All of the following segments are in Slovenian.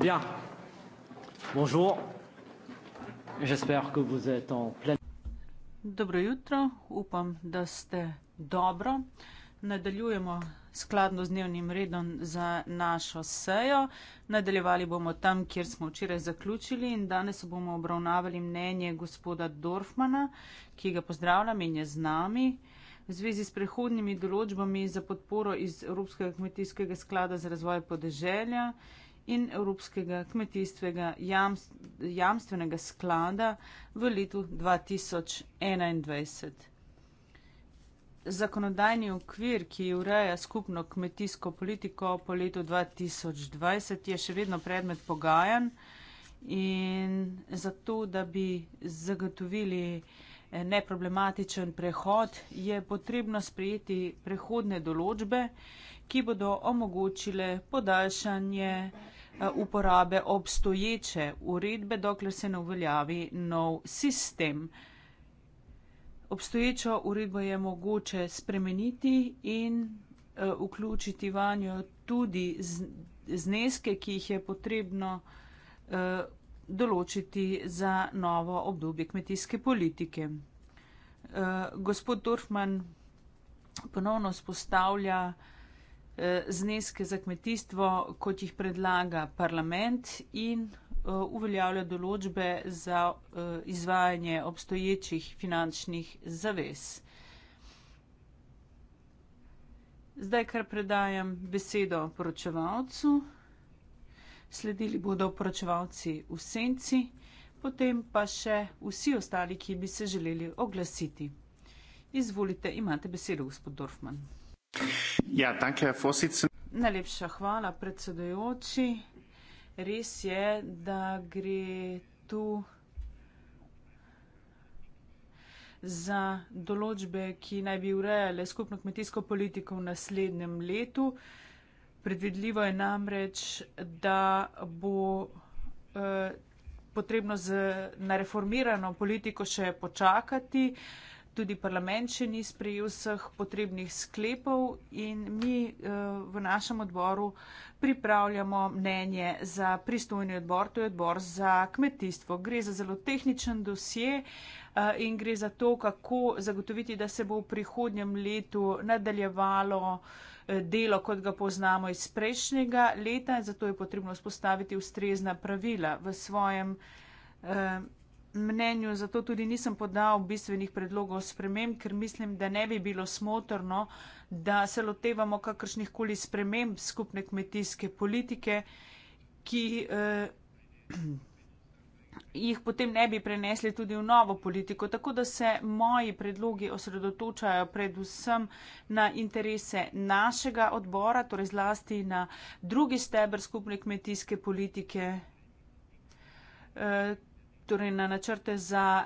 Bien. Bonjour. J'espère que vous êtes en pleine. Dobro jutro, upam, da ste dobro. Nadaljujemo skladno z dnevnim redom za našo sejo. Nadaljevali bomo tam, kjer smo včeraj zaključili in danes bomo obravnavali mnenje gospoda Dorfmana, ki ga pozdravljam in je z nami. V zvezi s prehodnimi določbami za podporo iz Evropskega kmetijskega sklada za razvoj podeželja in Evropskega kmetijstvenega jamst, jamstvenega sklada v letu 2021. Zakonodajni okvir, ki ureja skupno kmetijsko politiko po letu 2020, je še vedno predmet pogajanj in zato, da bi zagotovili eh, neproblematičen prehod, je potrebno sprejeti prehodne določbe, ki bodo omogočile podaljšanje uporabe obstoječe uredbe, dokler se ne uveljavi nov sistem. Obstoječo uredbo je mogoče spremeniti in uh, vključiti vanjo tudi zneske, ki jih je potrebno uh, določiti za novo obdobje kmetijske politike. Uh, gospod Dorfman ponovno spostavlja uh, Eh, zneske za kmetijstvo, kot jih predlaga parlament in eh, uveljavlja določbe za eh, izvajanje obstoječih finančnih zavez. Zdaj kar predajam besedo poročevalcu. Sledili bodo poročevalci v senci, potem pa še vsi ostali, ki bi se želeli oglasiti. Izvolite, imate besedo, gospod Dorfman. Ja, danke, Herr Vorsitzender. Najlepša hvala, predsedujoči. Res je, da gre tu za določbe, ki naj bi urejale skupno kmetijsko politiko v naslednjem letu. Predvidljivo je namreč, da bo eh, potrebno z, na reformirano politiko še počakati. Eh, tudi parlament še ni sprejel vseh potrebnih sklepov in mi eh, v našem odboru pripravljamo mnenje za pristojni odbor, to je odbor za kmetijstvo. Gre za zelo tehničen dosje eh, in gre za to, kako zagotoviti, da se bo v prihodnjem letu nadaljevalo eh, delo, kot ga poznamo iz prejšnjega leta. Zato je potrebno vzpostaviti ustrezna pravila v svojem mnenju, zato tudi nisem podal bistvenih predlogov sprememb, ker mislim, da ne bi bilo smotrno, da se lotevamo kakršnih koli sprememb skupne kmetijske politike, ki eh, jih potem ne bi prenesli tudi v novo politiko. Tako da se moji predlogi osredotočajo predvsem na interese našega odbora, torej zlasti na drugi stebr skupne kmetijske politike. Eh, torej na načrte za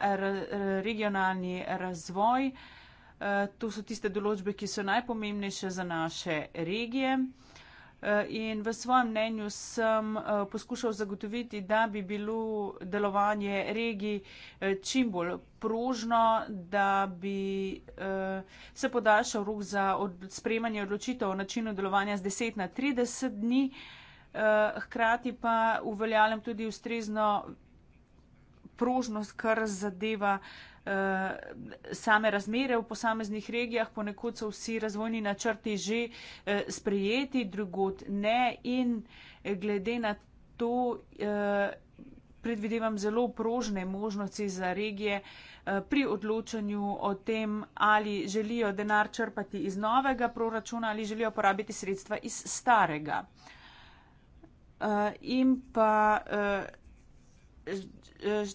regionalni razvoj. E, to so tiste določbe, ki so najpomembnejše za naše regije. E, in v svojem mnenju sem e, poskušal zagotoviti, da bi bilo delovanje regij čim bolj prožno, da bi se podaljšal rok za sprejemanje odločitev o načinu delovanja z 10 na 30 dni, hkrati pa uveljavljam tudi ustrezno prožnost, kar zadeva eh, same razmere v posameznih regijah, ponekod so vsi razvojni načrti že eh, sprejeti, drugot ne in glede na to eh, predvidevam zelo prožne možnosti za regije pri odločanju o tem, ali želijo denar črpati iz novega proračuna ali želijo porabiti sredstva iz starega. In pa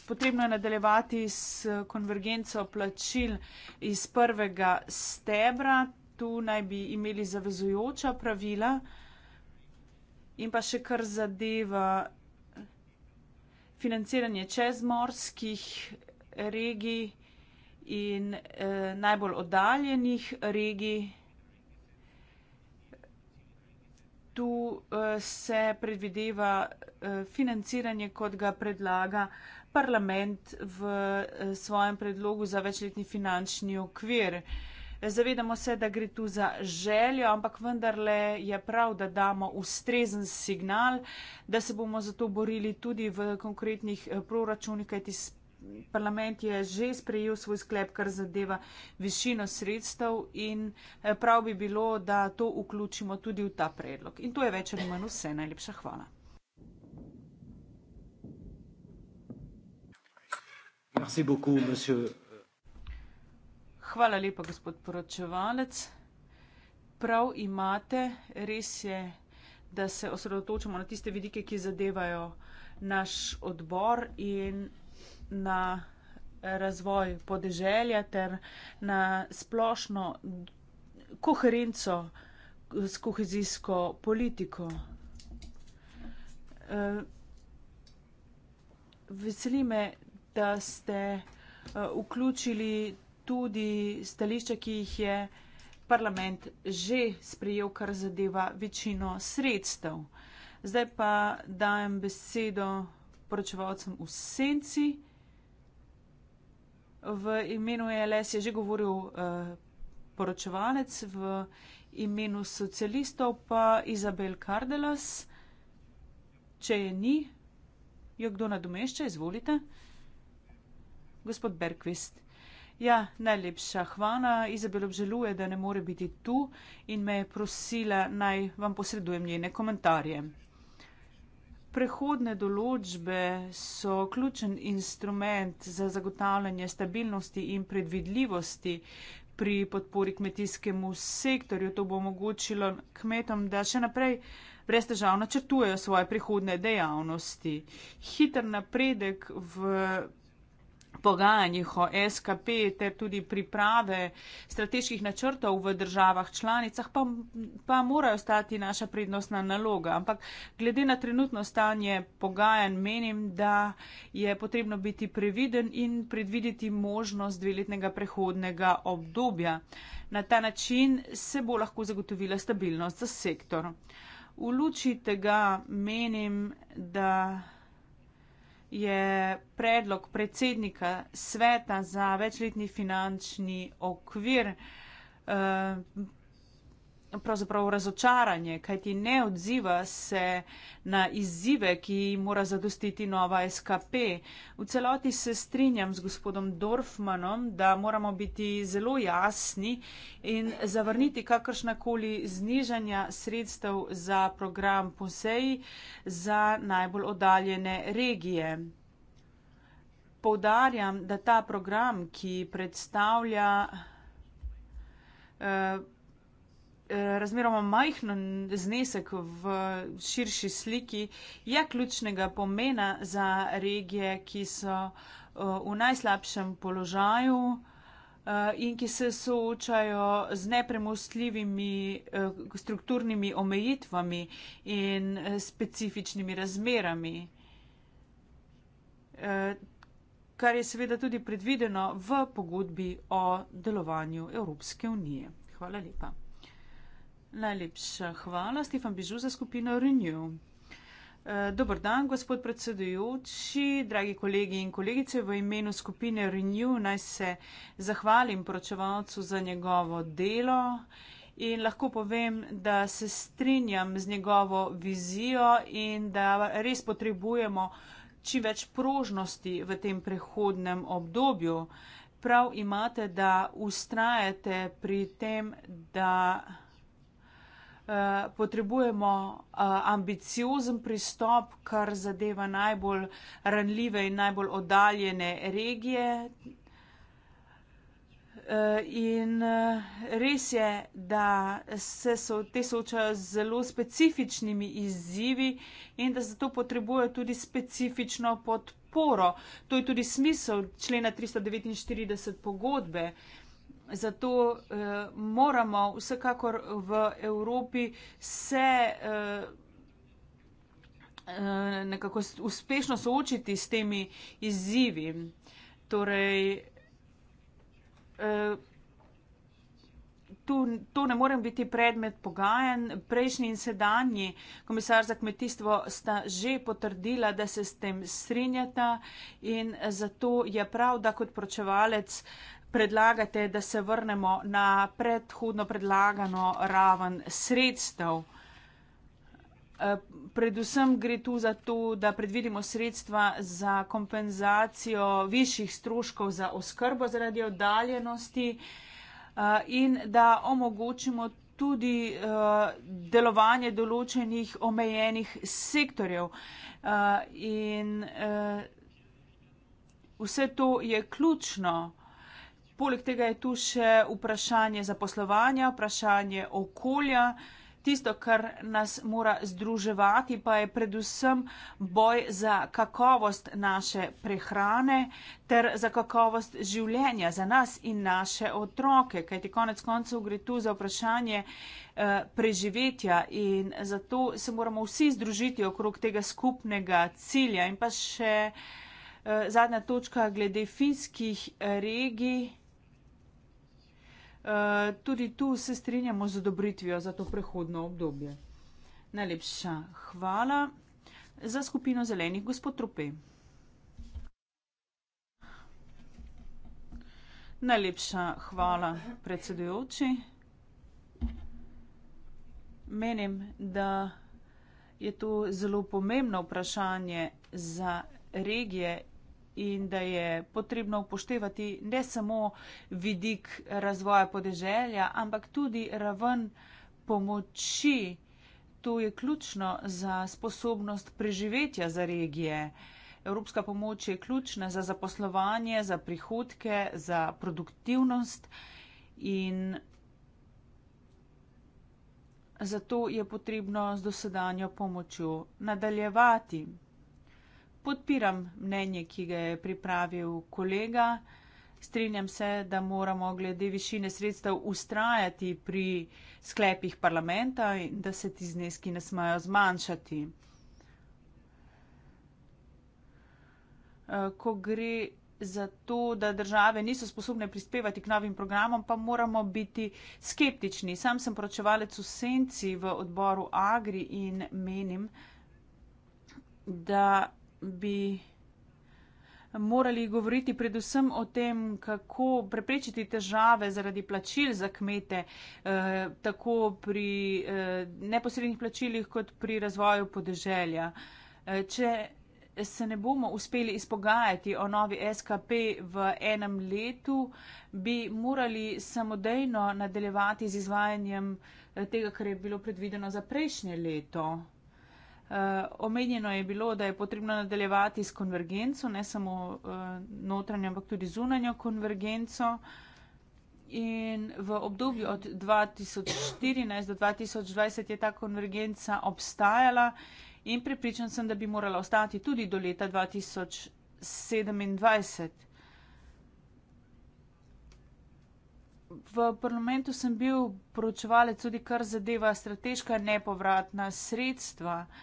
potrebno je nadaljevati s konvergenco plačil iz prvega stebra. Tu naj bi imeli zavezujoča pravila in pa še kar zadeva financiranje čezmorskih regij in eh, najbolj oddaljenih regij. tu eh, se predvideva eh, financiranje, kot ga predlaga parlament v eh, svojem predlogu za večletni finančni okvir. Zavedamo se, da gre tu za željo, ampak vendarle je prav, da damo ustrezen signal, da se bomo zato borili tudi v konkretnih proračunih, kajti parlament je že sprejel svoj sklep, kar zadeva višino sredstev in eh, prav bi bilo, da to vključimo tudi v ta predlog. In to je več ali manj vse. Najlepša hvala. Hvala lepa, gospod poročevalec. Prav imate, res je, da se osredotočamo na tiste vidike, ki zadevajo naš odbor in na razvoj podeželja ter na splošno koherenco s kohezijsko politiko. E, veseli me, da ste e, vključili tudi stališča, ki jih je parlament že sprejel, kar zadeva večino sredstev. Zdaj pa dajem besedo poročevalcem v senci v imenu e LS je že govoril eh, poročevalec, v imenu socialistov pa Izabel Kardelas. Če je ni, jo kdo nadomešča, izvolite. Gospod Berkvist. Ja, najlepša hvala. Izabel obžaluje, da ne more biti tu in me je prosila, naj vam posredujem njene komentarje prehodne določbe so ključen instrument za zagotavljanje stabilnosti in predvidljivosti pri podpori kmetijskemu sektorju. To bo omogočilo kmetom, da še naprej brez težav načrtujejo svoje prihodne dejavnosti. Hiter napredek v pogajanjih o SKP ter tudi priprave strateških načrtov v državah članicah, pa, pa morajo stati naša prednostna naloga. Ampak glede na trenutno stanje pogajanj, menim, da je potrebno biti previden in predvideti možnost dveletnega prehodnega obdobja. Na ta način se bo lahko zagotovila stabilnost za sektor. V luči tega menim, da je predlog predsednika sveta za večletni finančni okvir. Eh, pravzaprav razočaranje, kajti ne odziva se na izzive, ki mora zadostiti nova SKP. V celoti se strinjam z gospodom Dorfmanom, da moramo biti zelo jasni in zavrniti kakršnakoli znižanja sredstev za program POSEJ za najbolj oddaljene regije. Povdarjam, da ta program, ki predstavlja eh, Eh, razmeroma majhen znesek v širši sliki, je ključnega pomena za regije, ki so eh, v najslabšem položaju eh, in ki se soočajo z nepremostljivimi strukturnimi omejitvami in specifičnimi razmerami. Kar je seveda tudi predvideno v pogodbi o delovanju Evropske unije. Hvala lepa. Najlepša hvala, Stefan Bižu za skupino Renew. E, Dobr dan, gospod predsedujoči, dragi kolegi in kolegice, v imenu skupine Renew naj se zahvalim poročevalcu za njegovo delo in lahko povem, da se strinjam z njegovo vizijo in da res potrebujemo čim več prožnosti v tem prehodnem obdobju. Prav imate, da ustrajate pri tem, da. Eh, potrebujemo eh, ambiciozen pristop, kar zadeva najbolj ranljive in najbolj oddaljene regije. Eh, in res je, da se so, te soočajo z zelo specifičnimi izzivi in da zato potrebujejo tudi specifično podporo. To je tudi smisel člena 349 pogodbe. Zato eh, moramo vsekakor v Evropi se eh, eh nekako uspešno soočiti s temi izzivi. Torej, eh, tu, to ne morem biti predmet pogajanj. Prejšnji in sedanji komisar za kmetijstvo sta že potrdila, da se s tem strinjata in zato je prav, da kot pročevalec eh, predlagate, da se vrnemo na predhodno predlagano raven sredstev. Eh, predvsem gre tu za to, da predvidimo sredstva za kompenzacijo višjih stroškov za oskrbo zaradi oddaljenosti eh, in da omogočimo tudi eh, delovanje določenih omejenih sektorjev. In vse to je ključno. Poleg tega je tu še vprašanje zaposlovanja, vprašanje okolja. Tisto, kar nas mora združevati, pa je predvsem boj za kakovost naše prehrane ter za kakovost življenja za nas in naše otroke. Kaj ti konec koncev gre tu za vprašanje eh, preživetja in zato se moramo vsi združiti okrog tega skupnega cilja. In pa še eh, zadnja točka glede finskih eh, regij. Eh, tudi tu se strinjamo z odobritvijo za to prehodno obdobje. Najlepša hvala za skupino zelenih, gospod Trope. Najlepša hvala, predsedujoči. Menim, da je to zelo pomembno vprašanje za regije in da je potrebno upoštevati ne samo vidik razvoja podeželja, ampak tudi raven pomoči. To je ključno za sposobnost preživetja za regije. Evropska pomoč je ključna za zaposlovanje, za prihodke, za produktivnost in zato je potrebno z dosedanjo pomočjo nadaljevati podpiram mnenje, ki ga je pripravil kolega. Strinjam se, da moramo glede višine sredstev ustrajati pri sklepih parlamenta in da se ti zneski ne smajo zmanjšati. Eh, ko gre za to, da države niso sposobne prispevati k novim programom, pa moramo biti skeptični. Sam sem poročevalec v senci v odboru Agri in menim, da bi morali govoriti predvsem o tem, kako preprečiti težave zaradi plačil za kmete, eh, tako pri eh, neposrednih plačilih, kot pri razvoju podeželja. Eh, če se ne bomo uspeli izpogajati o novi SKP v enem letu, bi morali samodejno nadaljevati z izvajanjem eh, tega, kar je bilo predvideno za prejšnje leto. Eh, omenjeno je bilo, da je potrebno nadaljevati s konvergenco, ne samo uh, notranjo, ampak tudi zunanjo konvergenco. In v obdobju od 2014 do 2020 je ta konvergenca obstajala in pripričan sem, da bi morala ostati tudi do leta 2027. V parlamentu sem bil poročevalec tudi kar zadeva strateška nepovratna sredstva. Uh,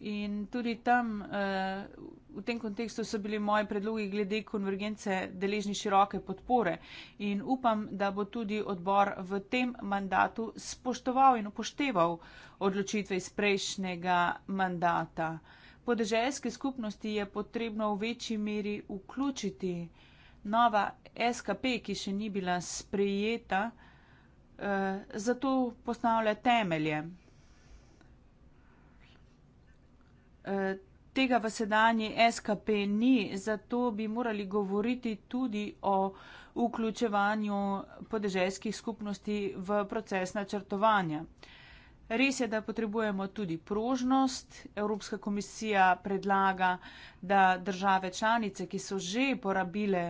In tudi tam, eh, v tem kontekstu, so bili moji predlogi glede konvergence deležni široke podpore. In upam, da bo tudi odbor v tem mandatu spoštoval in upošteval odločitve iz prejšnjega mandata. Podeželske skupnosti je potrebno v večji meri vključiti. Nova SKP, ki še ni bila sprejeta, eh, zato postavlja temelje. tega v sedanji SKP ni, zato bi morali govoriti tudi o vključevanju podeželskih skupnosti v proces načrtovanja. Res je, da potrebujemo tudi prožnost. Evropska komisija predlaga, da države članice, ki so že porabile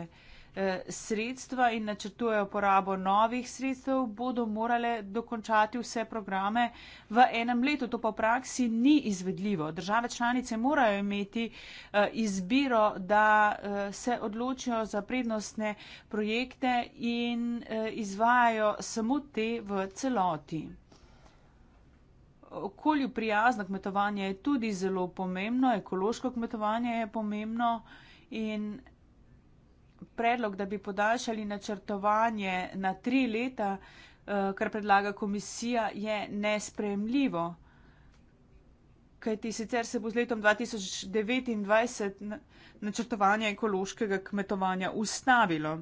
Eh, sredstva in načrtujejo porabo novih sredstev, bodo morale dokončati vse programe v enem letu. To pa v praksi ni izvedljivo. Države članice morajo imeti eh, izbiro, da eh, se odločijo za prednostne projekte in izvajajo samo te v celoti. Okolju prijazno kmetovanje je tudi zelo pomembno, ekološko kmetovanje je pomembno in predlog, da bi podaljšali načrtovanje na tri leta, eh, kar predlaga komisija, je nespremljivo. Kajti sicer se bo z letom 2029 načrtovanje ekološkega kmetovanja ustavilo.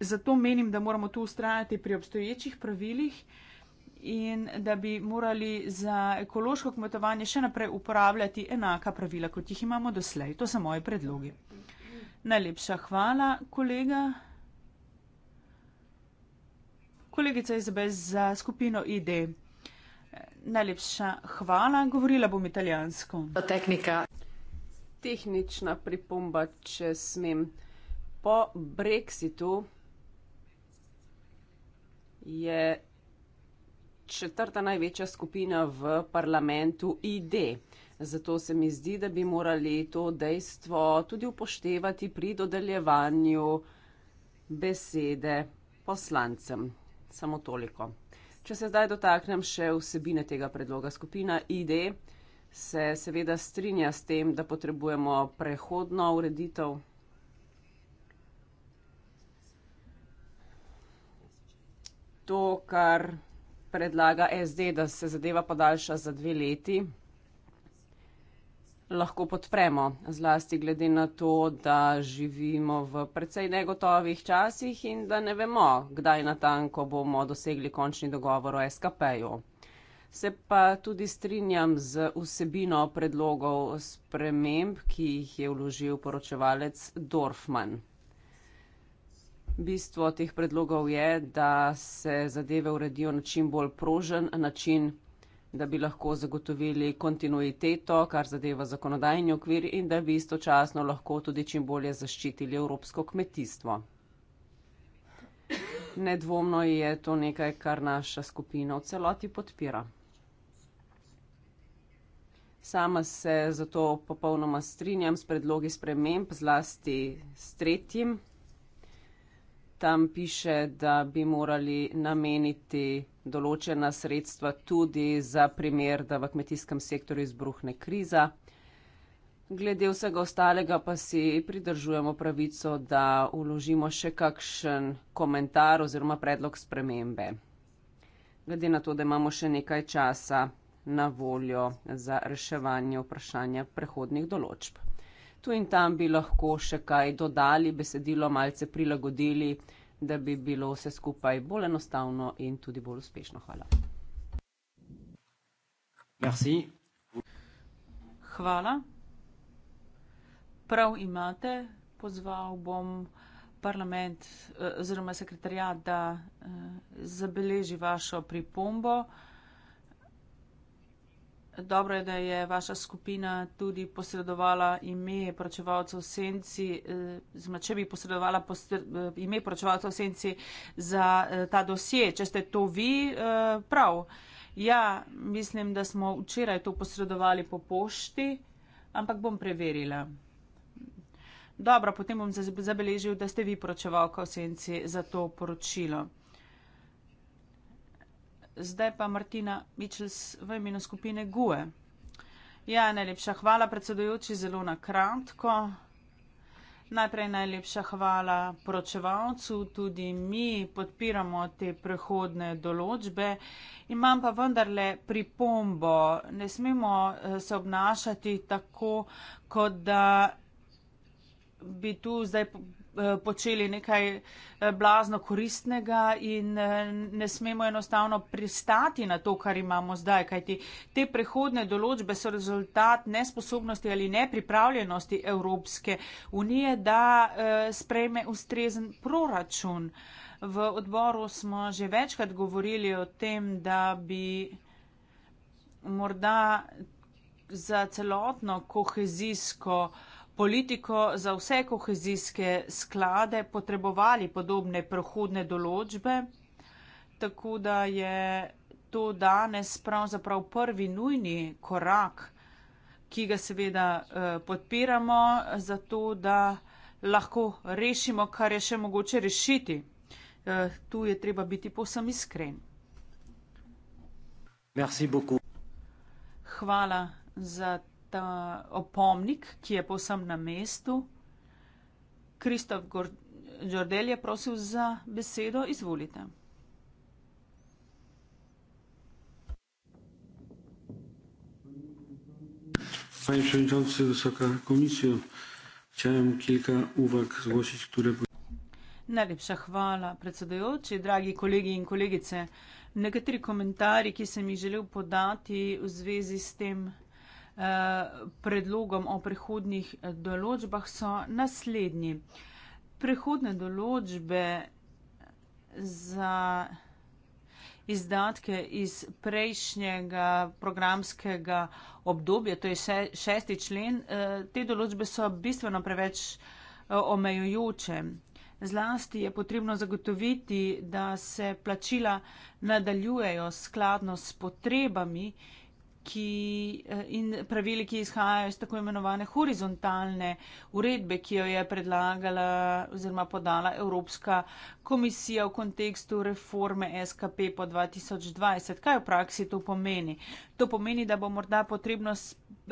Zato menim, da moramo tu ustrajati pri obstoječih pravilih in da bi morali za ekološko kmetovanje še naprej uporabljati enaka pravila, kot jih imamo doslej. To so moje predlogi. Najlepša hvala, kolega. Kolegica Izabel za skupino ID. Najlepša hvala, govorila bom italijansko. Tehnika. Tehnična pripomba, če smem. Po Brexitu je četrta največja skupina v parlamentu ID. Zato se mi zdi, da bi morali to dejstvo tudi upoštevati pri dodeljevanju besede poslancem. Samo toliko. Če se zdaj dotaknem še vsebine tega predloga, skupina ID se seveda strinja s tem, da potrebujemo prehodno ureditev. To, kar predlaga SD, da se zadeva podaljša za dve leti lahko podpremo, zlasti glede na to, da živimo v precej negotovih časih in da ne vemo, kdaj natanko bomo dosegli končni dogovor o SKP-ju. Se pa tudi strinjam z vsebino predlogov sprememb, ki jih je vložil poročevalec Dorfman. Bistvo teh predlogov je, da se zadeve uredijo na čim bolj prožen način da bi lahko zagotovili kontinuiteto, kar zadeva zakonodajni okvir in da bi istočasno lahko tudi čim bolje zaščitili evropsko kmetijstvo. Nedvomno je to nekaj, kar naša skupina v celoti podpira. Sama se zato popolnoma strinjam s predlogi sprememb, zlasti s tretjim tam piše, da bi morali nameniti določena sredstva tudi za primer, da v kmetijskem sektorju izbruhne kriza. Glede vsega ostalega pa si pridržujemo pravico, da uložimo še kakšen komentar oziroma predlog spremembe. Glede na to, da imamo še nekaj časa na voljo za reševanje vprašanja prehodnih določb tu in tam bi lahko še kaj dodali, besedilo malce prilagodili, da bi bilo vse skupaj bolj enostavno in tudi bolj uspešno. Hvala. Merci. Hvala. Prav imate, pozval bom parlament eh, oziroma sekretarjat, da eh, zabeleži vašo pripombo. Dobro je, da je vaša skupina tudi posredovala ime pročevalcev senci, eh, če bi posredovala eh, ime pročevalcev senci za eh, ta dosje, če ste to vi prav. Ja, mislim, da smo včeraj to posredovali po pošti, ampak bom preverila. Dobro, potem bom zabeležil, da ste vi pročevalka v senci za to poročilo. Zdaj pa Martina Mičels v imenu skupine GUE. Ja, najlepša hvala, predsedujoči, zelo na kratko. Najprej najlepša hvala poročevalcu, tudi mi podpiramo te prehodne določbe. Imam pa vendarle pripombo, ne smemo eh, se obnašati tako, kot da bi tu zdaj Eh, počeli nekaj eh, blazno koristnega in eh, ne smemo enostavno pristati na to, kar imamo zdaj, kajti te prehodne določbe so rezultat nesposobnosti ali nepripravljenosti Evropske unije, da sprejme ustrezen proračun. V odboru smo že večkrat govorili o tem, da bi morda za celotno kohezijsko uh, politiko za vse kohezijske sklade potrebovali podobne prohodne določbe, tako da je to danes pravzaprav prvi nujni korak, ki ga seveda eh, podpiramo, zato da lahko rešimo, kar je še mogoče rešiti. Eh, tu je treba biti posem iskren. Hvala za to ta opomnik, ki je povsem na mestu. Kristof Gordel je prosil za besedo, izvolite. Pani predsednica, visoka komisija, čajem kilka uvak zgošič, ktore bo. Najlepša hvala, predsedujoči, dragi kolegi in kolegice. Nekateri komentarji, ki sem jih želel podati v zvezi s tem predlogom o prehodnih določbah so naslednji. Prehodne določbe za izdatke iz prejšnjega programskega obdobja, to je šesti člen, eh, te določbe so bistveno preveč eh, omejujoče. Zlasti je potrebno zagotoviti, da se plačila nadaljujejo skladno s potrebami, ki, eh, in pravili, ki izhajajo iz tako imenovane horizontalne uredbe, ki jo je predlagala oziroma podala Evropska komisija v kontekstu reforme SKP po 2020. Kaj v praksi to pomeni? To pomeni, da bo morda potrebno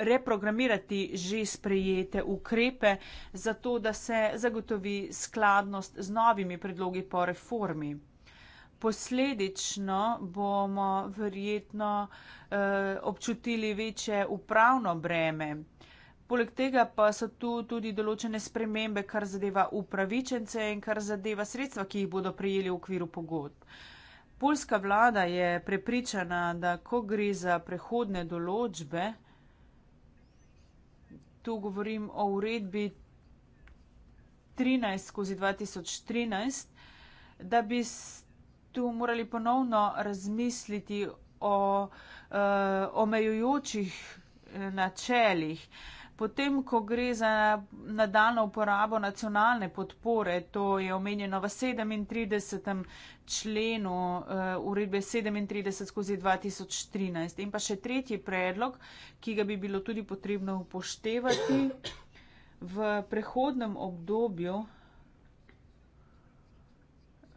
reprogramirati že sprejete ukrepe, zato da se zagotovi skladnost z novimi predlogi po reformi posledično bomo verjetno eh, občutili večje upravno breme. Poleg tega pa so tu tudi določene spremembe, kar zadeva upravičence in kar zadeva sredstva, ki jih bodo prijeli v okviru pogodb. Poljska vlada je prepričana, da ko gre za prehodne določbe, tu govorim o uredbi 13 skozi 2013, da bi tu morali ponovno razmisliti o uh, omejujočih eh, načeljih. Potem, ko gre za nadaljno uporabo nacionalne podpore, to je omenjeno v 37. členu uh, uredbe 37 skozi 2013. In pa še tretji predlog, ki ga bi bilo tudi potrebno upoštevati v prehodnem obdobju.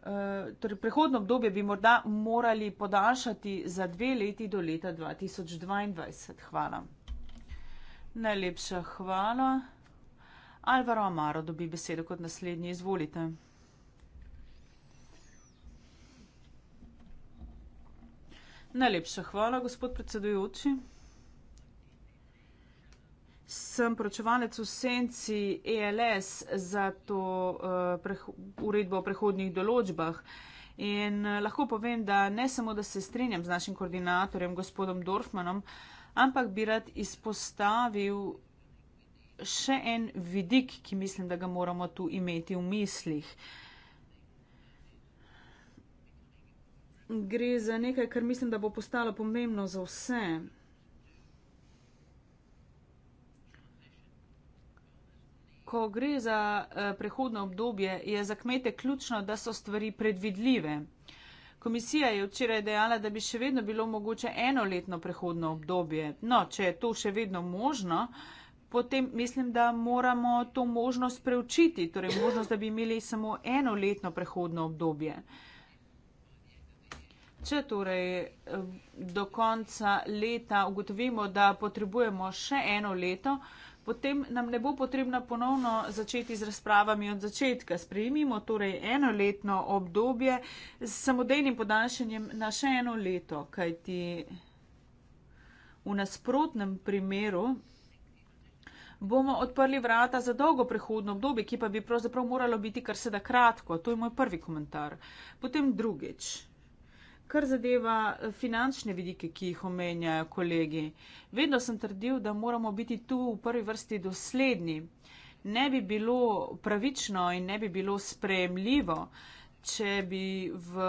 Eh, torej prehodno obdobje bi morda morali podaljšati za dve leti do leta 2022. Hvala. Najlepša hvala. Alvaro Amaro dobi besedo kot naslednji. Izvolite. Najlepša hvala, gospod predsedujoči. Sem pročevalec v senci ELS za to uh, eh, preho, uredbo o prehodnih določbah in uh, lahko povem, da ne samo, da se strinjam z našim koordinatorjem, gospodom Dorfmanom, ampak bi rad izpostavil še en vidik, ki mislim, da ga moramo tu imeti v mislih. Gre za nekaj, kar mislim, da bo postalo pomembno za vse. ko gre za eh, prehodno obdobje, je za kmete ključno, da so stvari predvidljive. Komisija je včeraj dejala, da bi še vedno bilo mogoče enoletno prehodno obdobje. No, če je to še vedno možno, potem mislim, da moramo to možnost preučiti, torej možnost, da bi imeli samo enoletno prehodno obdobje. Če torej eh, do konca leta ugotovimo, da potrebujemo še eno leto, potem nam ne bo potrebno ponovno začeti z razpravami od začetka. Sprejmimo torej enoletno obdobje s samodejnim podaljšanjem na še eno leto, kajti v nasprotnem primeru bomo odprli vrata za dolgo prehodno obdobje, ki pa bi pravzaprav moralo biti kar se da kratko. To je moj prvi komentar. Potem drugič kar zadeva eh, finančne vidike, ki jih omenjajo kolegi. Vedno sem trdil, da moramo biti tu v prvi vrsti dosledni. Ne bi bilo pravično in ne bi bilo sprejemljivo, če bi v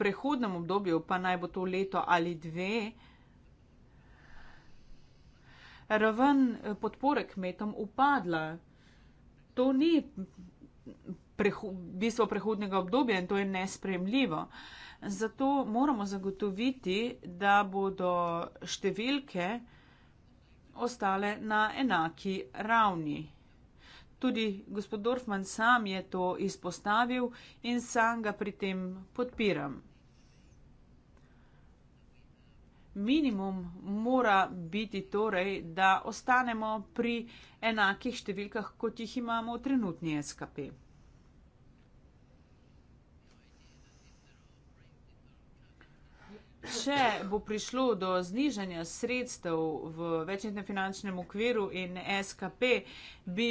prehodnem obdobju, pa naj bo to leto ali dve, raven eh, podpore kmetom upadla. To ni preho bistvo prehodnega obdobja in to je nespremljivo. Uh, Zato moramo zagotoviti, da bodo številke ostale na enaki ravni. Tudi gospod Dorfman sam je to izpostavil in sam ga pri tem podpiram. Minimum mora biti torej, da ostanemo pri enakih številkah, kot jih imamo v trenutni SKP. Če bo prišlo do znižanja sredstev v večjem finančnem okviru in SKP, bi,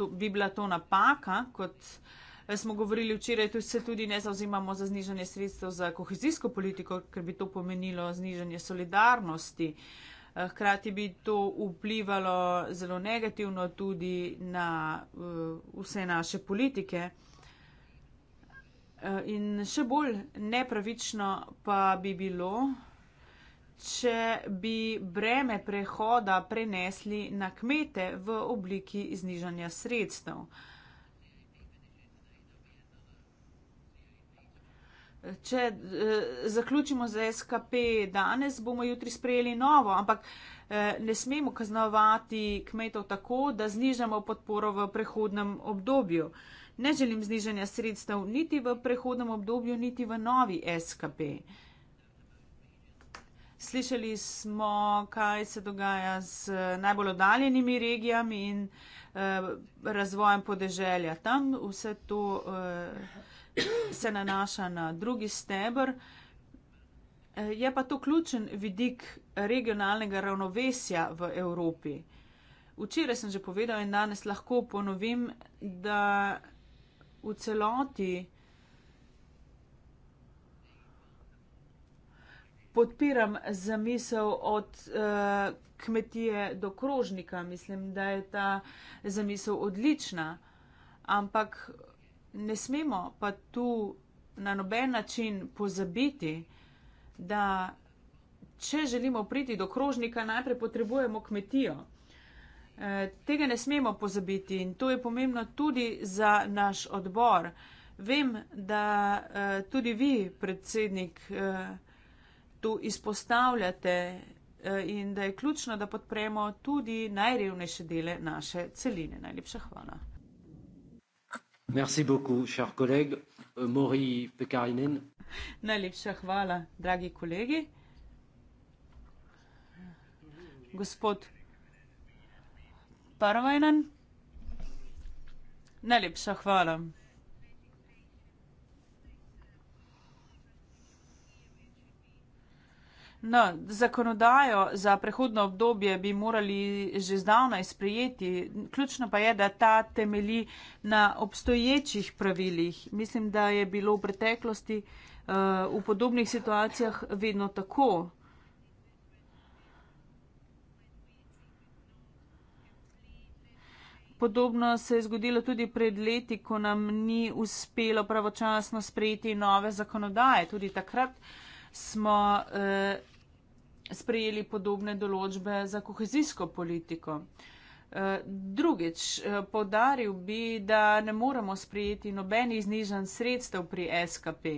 to, bi bila to napaka, kot eh, smo govorili včeraj, tu se tudi ne zauzimamo za znižanje sredstev za kohezijsko politiko, ker bi to pomenilo znižanje solidarnosti. Eh, hkrati bi to vplivalo zelo negativno tudi na eh, vse naše politike. Eh, in še bolj nepravično pa bi bilo, če bi breme prehoda prenesli na kmete v obliki znižanja sredstev. Če eh, zaključimo z SKP danes, bomo jutri sprejeli novo, ampak eh, ne smemo kaznovati kmetov tako, da znižamo podporo v prehodnem obdobju. Eh, Ne želim znižanja sredstev niti v prehodnem obdobju, niti v novi SKP. Slišali smo, kaj se dogaja z najbolj oddaljenimi regijami in eh, razvojem podeželja. Tam vse to eh, se nanaša na drugi stebr. Eh, je pa to ključen vidik regionalnega ravnovesja v Evropi. Včeraj sem že povedal in danes lahko ponovim, da v celoti podpiram zamisel od eh, kmetije do krožnika. Mislim, da je ta zamisel odlična, ampak ne smemo pa tu na noben način pozabiti, da če želimo priti do krožnika, najprej potrebujemo kmetijo. Eh, tega ne smemo pozabiti in to je pomembno tudi za naš odbor. Vem, da eh, tudi vi, predsednik, eh, to izpostavljate in da je ključno, da podpremo tudi najrevnejše dele naše celine. Najlepša hvala. Merci beaucoup, cher collègue, euh, Mori Pekarinen. Najlepša hvala, dragi kolegi. Gospod Parvajnen. Najlepša hvala. No, zakonodajo za prehodno obdobje bi morali že zdavnaj sprejeti. Ključno pa je, da ta temeli na obstoječih pravilih. Mislim, da je bilo v preteklosti uh, v podobnih situacijah vedno tako. Podobno se je zgodilo tudi pred leti, ko nam ni uspelo pravočasno sprejeti nove zakonodaje. Tudi takrat smo eh, sprejeli podobne določbe za kohezijsko politiko. Eh, drugič, eh, povdaril bi, da ne moremo sprejeti nobenih znižan sredstev pri SKP.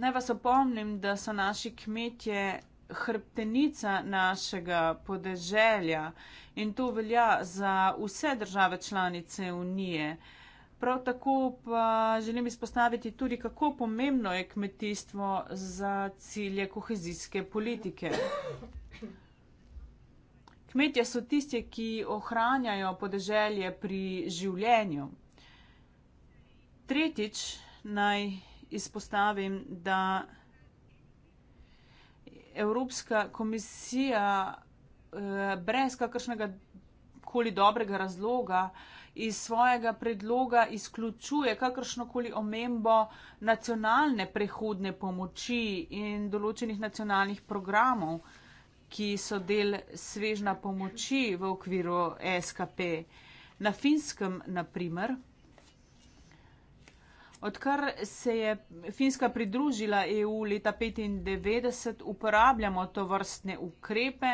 Naj vas opomnim, da so naši kmetje hrbtenica našega podeželja in to velja za vse države članice Unije. Prav tako pa želim izpostaviti tudi, kako pomembno je kmetijstvo za cilje kohezijske politike. Kmetje so tisti, ki ohranjajo podeželje pri življenju. Tretjič naj izpostavim, da Evropska komisija eh, brez kakršnega koli dobrega razloga iz svojega predloga izključuje kakršno koli omembo nacionalne prehodne pomoči in določenih nacionalnih programov, ki so del svežna pomoči v okviru SKP. Na finskem, naprimer, Odkar se je Finska pridružila EU leta 1995, uporabljamo to vrstne ukrepe.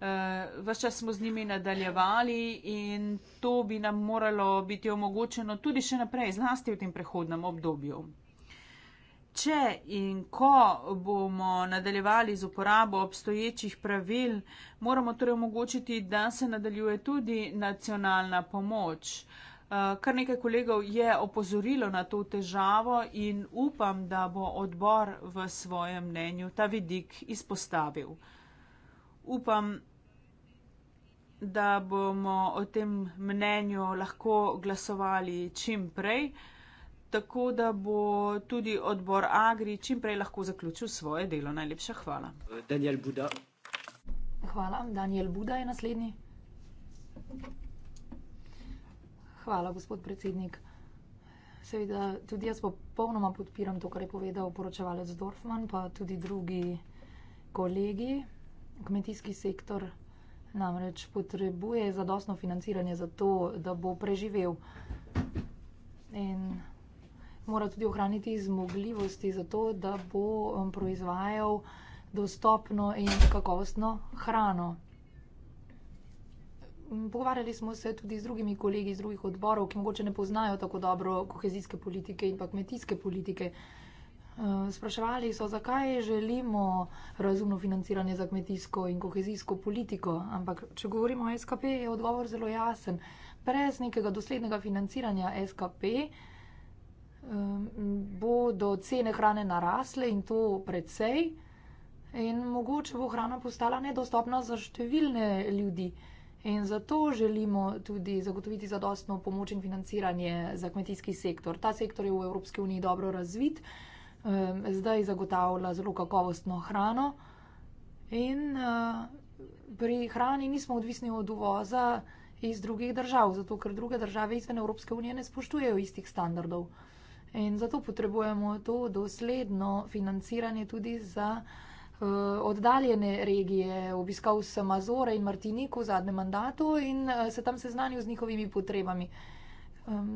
Eh, Vse čas smo z njimi nadaljevali in to bi nam moralo biti omogočeno tudi še naprej, zlasti v tem prehodnem obdobju. Če in ko bomo nadaljevali z uporabo obstoječih pravil, moramo torej omogočiti, da se nadaljuje tudi nacionalna pomoč. Eh, kar nekaj kolegov je opozorilo na to težavo in upam, da bo odbor v svojem mnenju ta vidik izpostavil. Upam, da bomo o tem mnenju lahko glasovali čim prej, tako da bo tudi odbor Agri čim prej lahko zaključil svoje delo. Najlepša hvala. Daniel Buda. Hvala. Daniel Buda je naslednji. Hvala, gospod predsednik. Seveda, tudi jaz popolnoma podpiram to, kar je povedal poročevalec Dorfman, pa tudi drugi kolegi. Kmetijski sektor namreč potrebuje zadostno financiranje za to, da bo preživel in mora tudi ohraniti zmogljivosti za to, da bo um, proizvajal dostopno in kakovostno hrano pogovarjali smo se tudi z drugimi kolegi iz drugih odborov, ki mogoče ne poznajo tako dobro kohezijske politike in pa kmetijske politike. Eh, spraševali so, zakaj želimo razumno financiranje za kmetijsko in kohezijsko politiko, ampak če govorimo o SKP, je odgovor zelo jasen. Brez nekega doslednega financiranja SKP eh, bodo cene hrane narasle in to precej in mogoče bo hrana postala nedostopna za številne ljudi. In zato želimo tudi zagotoviti zadostno pomoč in financiranje za kmetijski sektor. Ta sektor je v Evropski uniji dobro razvit, zdaj zagotavlja zelo kakovostno hrano. In eh, pri hrani nismo odvisni od uvoza iz drugih držav, zato ker druge države izven Evropske unije ne spoštujejo istih standardov. In zato potrebujemo to dosledno financiranje tudi za. Eh, oddaljene regije. Obiskal sem Azore in Martiniko v zadnjem mandatu in eh, se tam seznanil z njihovimi potrebami.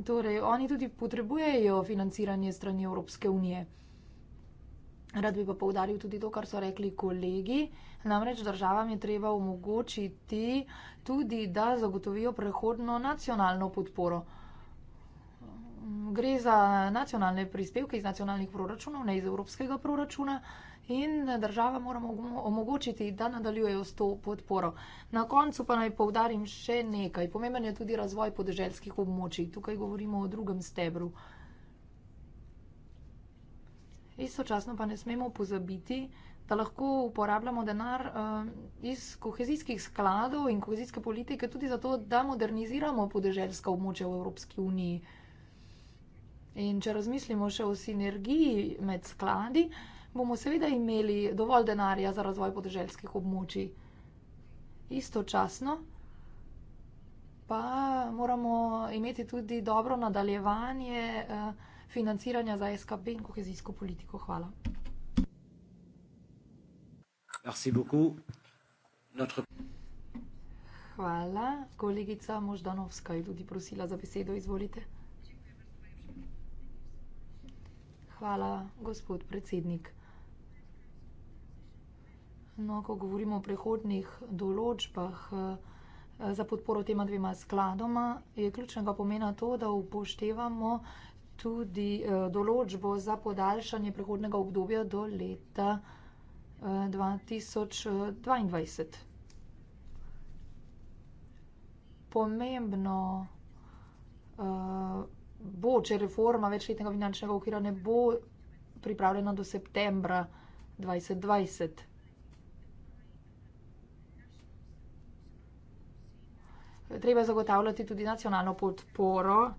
Torej, oni tudi potrebujejo financiranje strani Evropske unije. Rad bi pa povdaril tudi to, kar so rekli kolegi. Namreč državam je treba omogočiti tudi, da zagotovijo prehodno nacionalno podporo. Gre za nacionalne prispevke iz nacionalnih proračunov, ne iz evropskega proračuna. Uh, in država moramo omogočiti, da nadaljujejo s to podporo. Na koncu pa naj povdarim še nekaj. Pomemben je tudi razvoj podeželskih območij. Tukaj govorimo o drugem stebru. Istočasno pa ne smemo pozabiti, da lahko uporabljamo denar eh, iz kohezijskih skladov in kohezijske politike tudi zato, da moderniziramo podeželska območja v Evropski uniji. In če razmislimo še o sinergiji med skladi, bomo seveda imeli dovolj denarja za razvoj podeželskih območij. Istočasno pa moramo imeti tudi dobro nadaljevanje eh, financiranja za SKB in kohezijsko politiko. Hvala. Hvala. Kolegica Moždanovska je tudi prosila za besedo. Izvolite. Hvala, gospod predsednik. No, ko govorimo o prehodnih določbah eh, za podporo tema dvema skladoma, je ključnega pomena to, da upoštevamo tudi eh, določbo za podaljšanje prehodnega obdobja do leta 2022. Eh, Pomembno bo, če reforma večletnega finančnega okvira ne bo pripravljena do septembra 2020. treba zagotavljati tudi nacionalno podporo.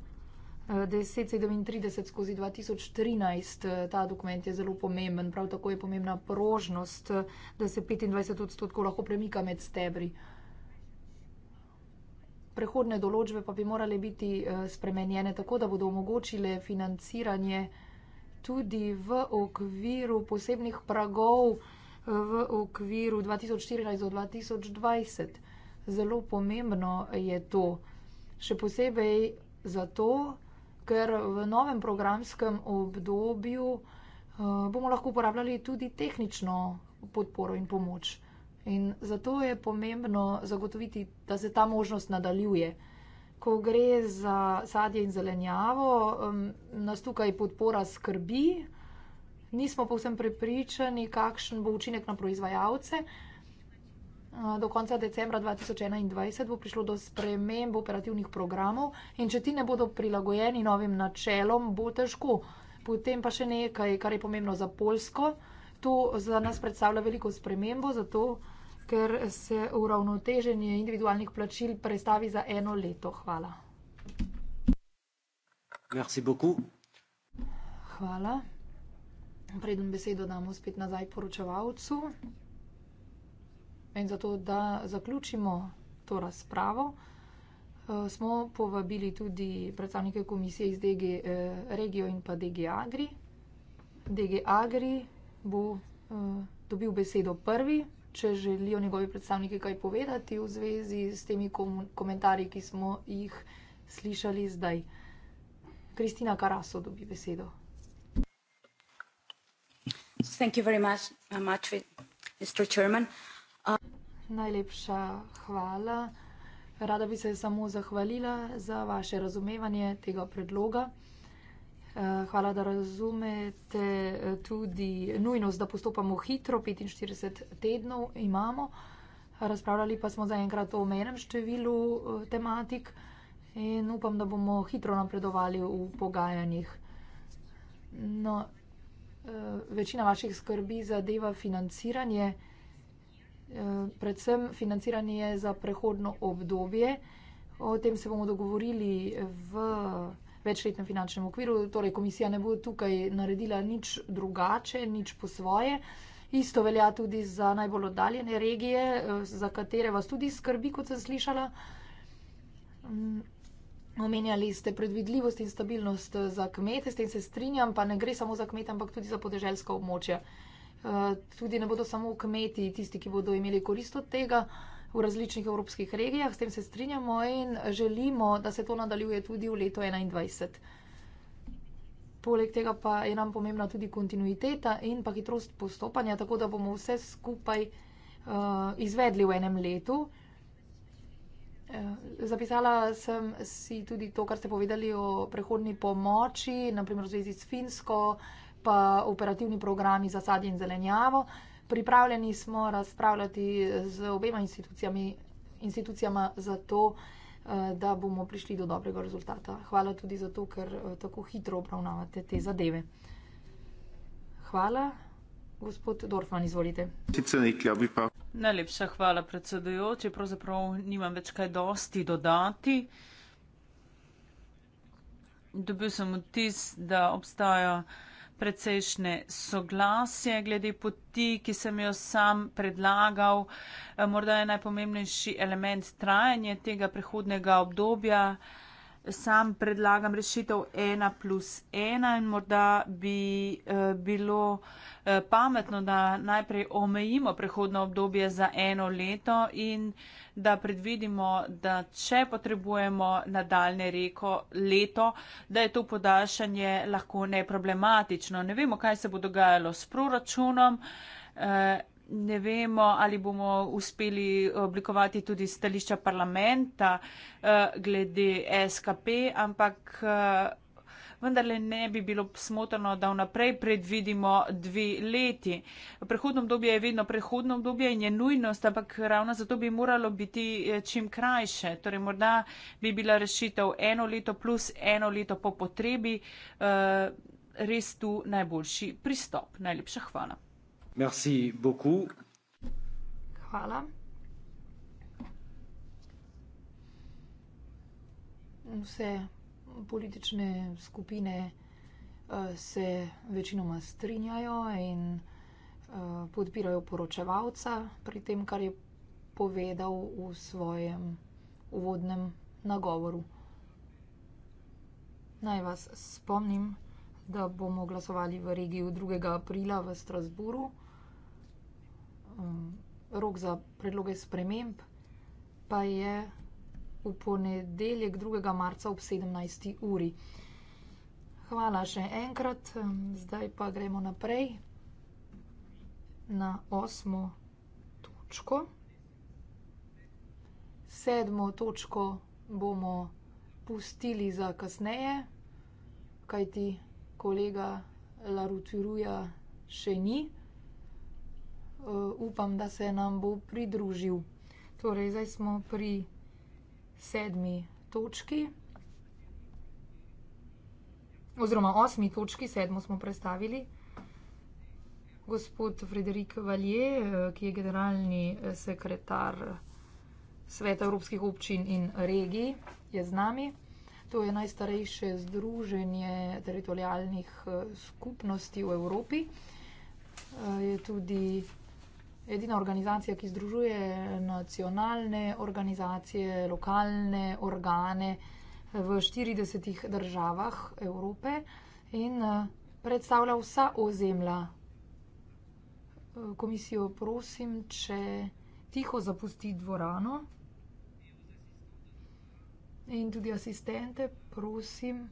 1037 eh, skozi 2013 eh, ta dokument je zelo pomemben, prav tako je pomembna prožnost, eh, da se 25 odstotkov lahko premika med stebri. Prehodne določbe pa bi morale biti spremenjene tako, da bodo omogočile financiranje tudi v okviru posebnih pragov v okviru 2014 do 2020 zelo pomembno je to. Še posebej zato, ker v novem programskem obdobju eh, bomo lahko uporabljali tudi tehnično podporo in pomoč. In zato je pomembno zagotoviti, da se ta možnost nadaljuje. Ko gre za sadje in zelenjavo, nas tukaj podpora skrbi, nismo povsem prepričani, kakšen bo učinek na proizvajalce. Eh, do konca decembra 2021 bo prišlo do sprememb operativnih programov in če ti ne bodo prilagojeni novim načelom, bo težko. Potem pa še nekaj, kar je pomembno za Polsko. To za nas predstavlja veliko spremembo, zato ker se uravnoteženje individualnih plačil prestavi za eno leto. Hvala. Merci Hvala. Predem besedo damo spet nazaj poročevalcu. In zato, da zaključimo to razpravo, eh, smo povabili tudi predstavnike komisije iz DG eh, Regio in pa DG Agri. DG Agri bo eh, dobil besedo prvi, če želijo njegovi predstavniki kaj povedati v zvezi s temi komentarji, ki smo jih slišali zdaj. Kristina Karaso dobi besedo. Thank you very much, uh, much, Mr. Chairman. Uh, najlepša hvala. Rada bi se samo zahvalila za vaše razumevanje tega predloga. Eh, hvala, da razumete eh, tudi nujnost, da postopamo hitro, 45 tednov imamo. Razpravljali pa smo zaenkrat o menem številu eh, tematik in upam, da bomo hitro napredovali v pogajanjih. No, večina vaših skrbi zadeva financiranje. Eh, predvsem financiranje je za prehodno obdobje. O tem se bomo dogovorili v večletnem finančnem okviru, torej komisija ne bo tukaj naredila nič drugače, nič po svoje. Isto velja tudi za najbolj oddaljene regije, eh, za katere vas tudi skrbi, kot sem slišala. Mm, omenjali ste predvidljivost in stabilnost eh, za kmete, s tem se strinjam, pa ne gre samo za kmete, ampak tudi za podeželska območja. Eh, tudi ne bodo samo kmeti tisti, ki bodo imeli korist od tega v različnih evropskih regijah. S tem se strinjamo in želimo, da se to nadaljuje tudi v leto 2021. Poleg tega pa je nam pomembna tudi kontinuiteta in pa hitrost postopanja, tako da bomo vse skupaj uh, izvedli v enem letu. Eh, zapisala sem si tudi to, kar ste povedali o prehodni pomoči, naprimer v zvezi s Finsko, uh, pa operativni programi za sadje in zelenjavo. Pripravljeni smo razpravljati z obema institucijama za to, eh, da bomo prišli do dobrega rezultata. Hvala tudi za to, ker eh, tako hitro obravnavate te zadeve. Hvala. Gospod Dorfman, izvolite. Najlepša hvala, predsedujoči. Pravzaprav nimam več kaj dosti dodati. Dobil sem vtis, da obstaja precejšnje soglasje glede poti, ki sem jo sam predlagal. Eh, morda je najpomembnejši element trajanje tega prehodnega obdobja sam predlagam rešitev 1 plus 1 in morda bi eh, bilo eh, pametno, da najprej omejimo prehodno obdobje za eno leto in da predvidimo, da če potrebujemo nadaljne reko leto, da je to podaljšanje lahko neproblematično. Ne vemo, kaj se bo dogajalo s proračunom. Eh, ne vemo, ali bomo uspeli oblikovati tudi stališča parlamenta eh, glede SKP, ampak eh, vendarle ne bi bilo smotrno, da vnaprej predvidimo dve leti. Prehodno obdobje je vedno prehodno obdobje in je nujnost, ampak ravno zato bi moralo biti eh, čim krajše. Torej, morda bi bila rešitev eno leto plus eno leto po potrebi. Res tu najboljši pristop. Najlepša hvala. Merci beaucoup. Hvala. Vse politične skupine uh, se večinoma strinjajo in uh, podpirajo poročevalca pri tem, kar je povedal v svojem uvodnem nagovoru. Naj vas spomnim, da bomo glasovali v regiji 2. aprila v Strasburu um, rok za predloge sprememb, pa je v ponedeljek 2. marca ob 17. uri. Hvala še enkrat, um, zdaj pa gremo naprej na osmo točko. Sedmo točko bomo pustili za kasneje, kajti kolega Larutiruja še ni. Eh, upam, da se nam bo pridružil. Torej, zdaj smo pri sedmi točki. Oziroma osmi točki, sedmo smo predstavili. Gospod Frederik Valje, eh, ki je generalni eh, sekretar Sveta Evropskih občin in regij, je z nami. To je najstarejše združenje teritorijalnih skupnosti v Evropi. Je tudi edina organizacija, ki združuje nacionalne organizacije, lokalne organe eh, v 40 državah Evrope in eh, predstavlja vsa ozemlja. Eh, komisijo prosim, če tiho zapusti dvorano. In tudi asistente prosim,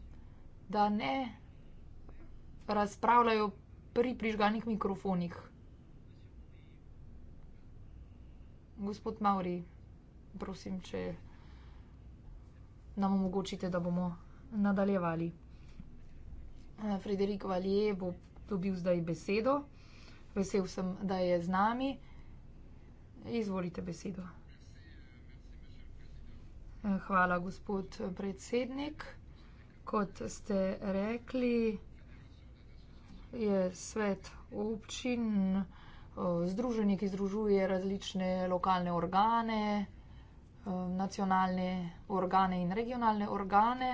da ne razpravljajo pri prižganih mikrofonih. Gospod Mauri, prosim, če nam omogočite, da bomo nadaljevali. Eh, Frederik Valje bo dobil zdaj besedo. Vesel sem, da je z nami. Izvolite besedo. Eh, hvala, gospod predsednik. Kot ste rekli, je svet občin. Eh, združenje, ki združuje različne lokalne organe, eh, nacionalne organe in regionalne organe.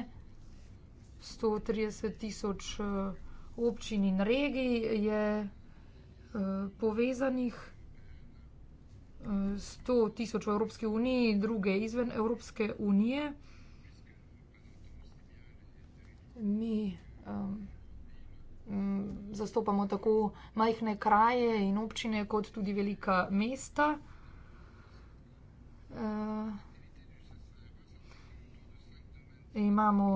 130 tisoč eh, občin in regij je povezanih. 100 tisoč v Evropski uniji, druge izven Evropske unije. Mi um, Mm, zastopamo tako majhne kraje in občine, kot tudi velika mesta. E, imamo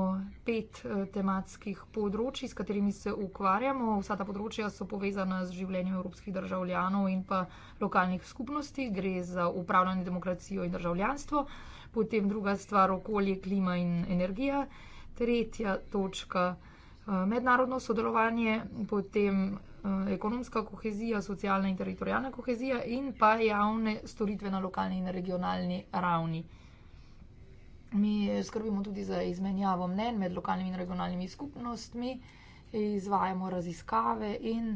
pet eh, tematskih področji, s katerimi se ukvarjamo. Vsa ta področja so povezana z življenjem evropskih državljanov in pa lokalnih skupnosti. Gre za upravljanje demokracijo in državljanstvo, potem druga stvar okolje, klima in energija, tretja točka. Eh, mednarodno sodelovanje, potem eh, ekonomska kohezija, socialna in teritorijalna kohezija in pa javne storitve na lokalni in regionalni ravni. Mi skrbimo tudi za izmenjavo mnen med lokalnimi in regionalnimi skupnostmi, izvajamo raziskave in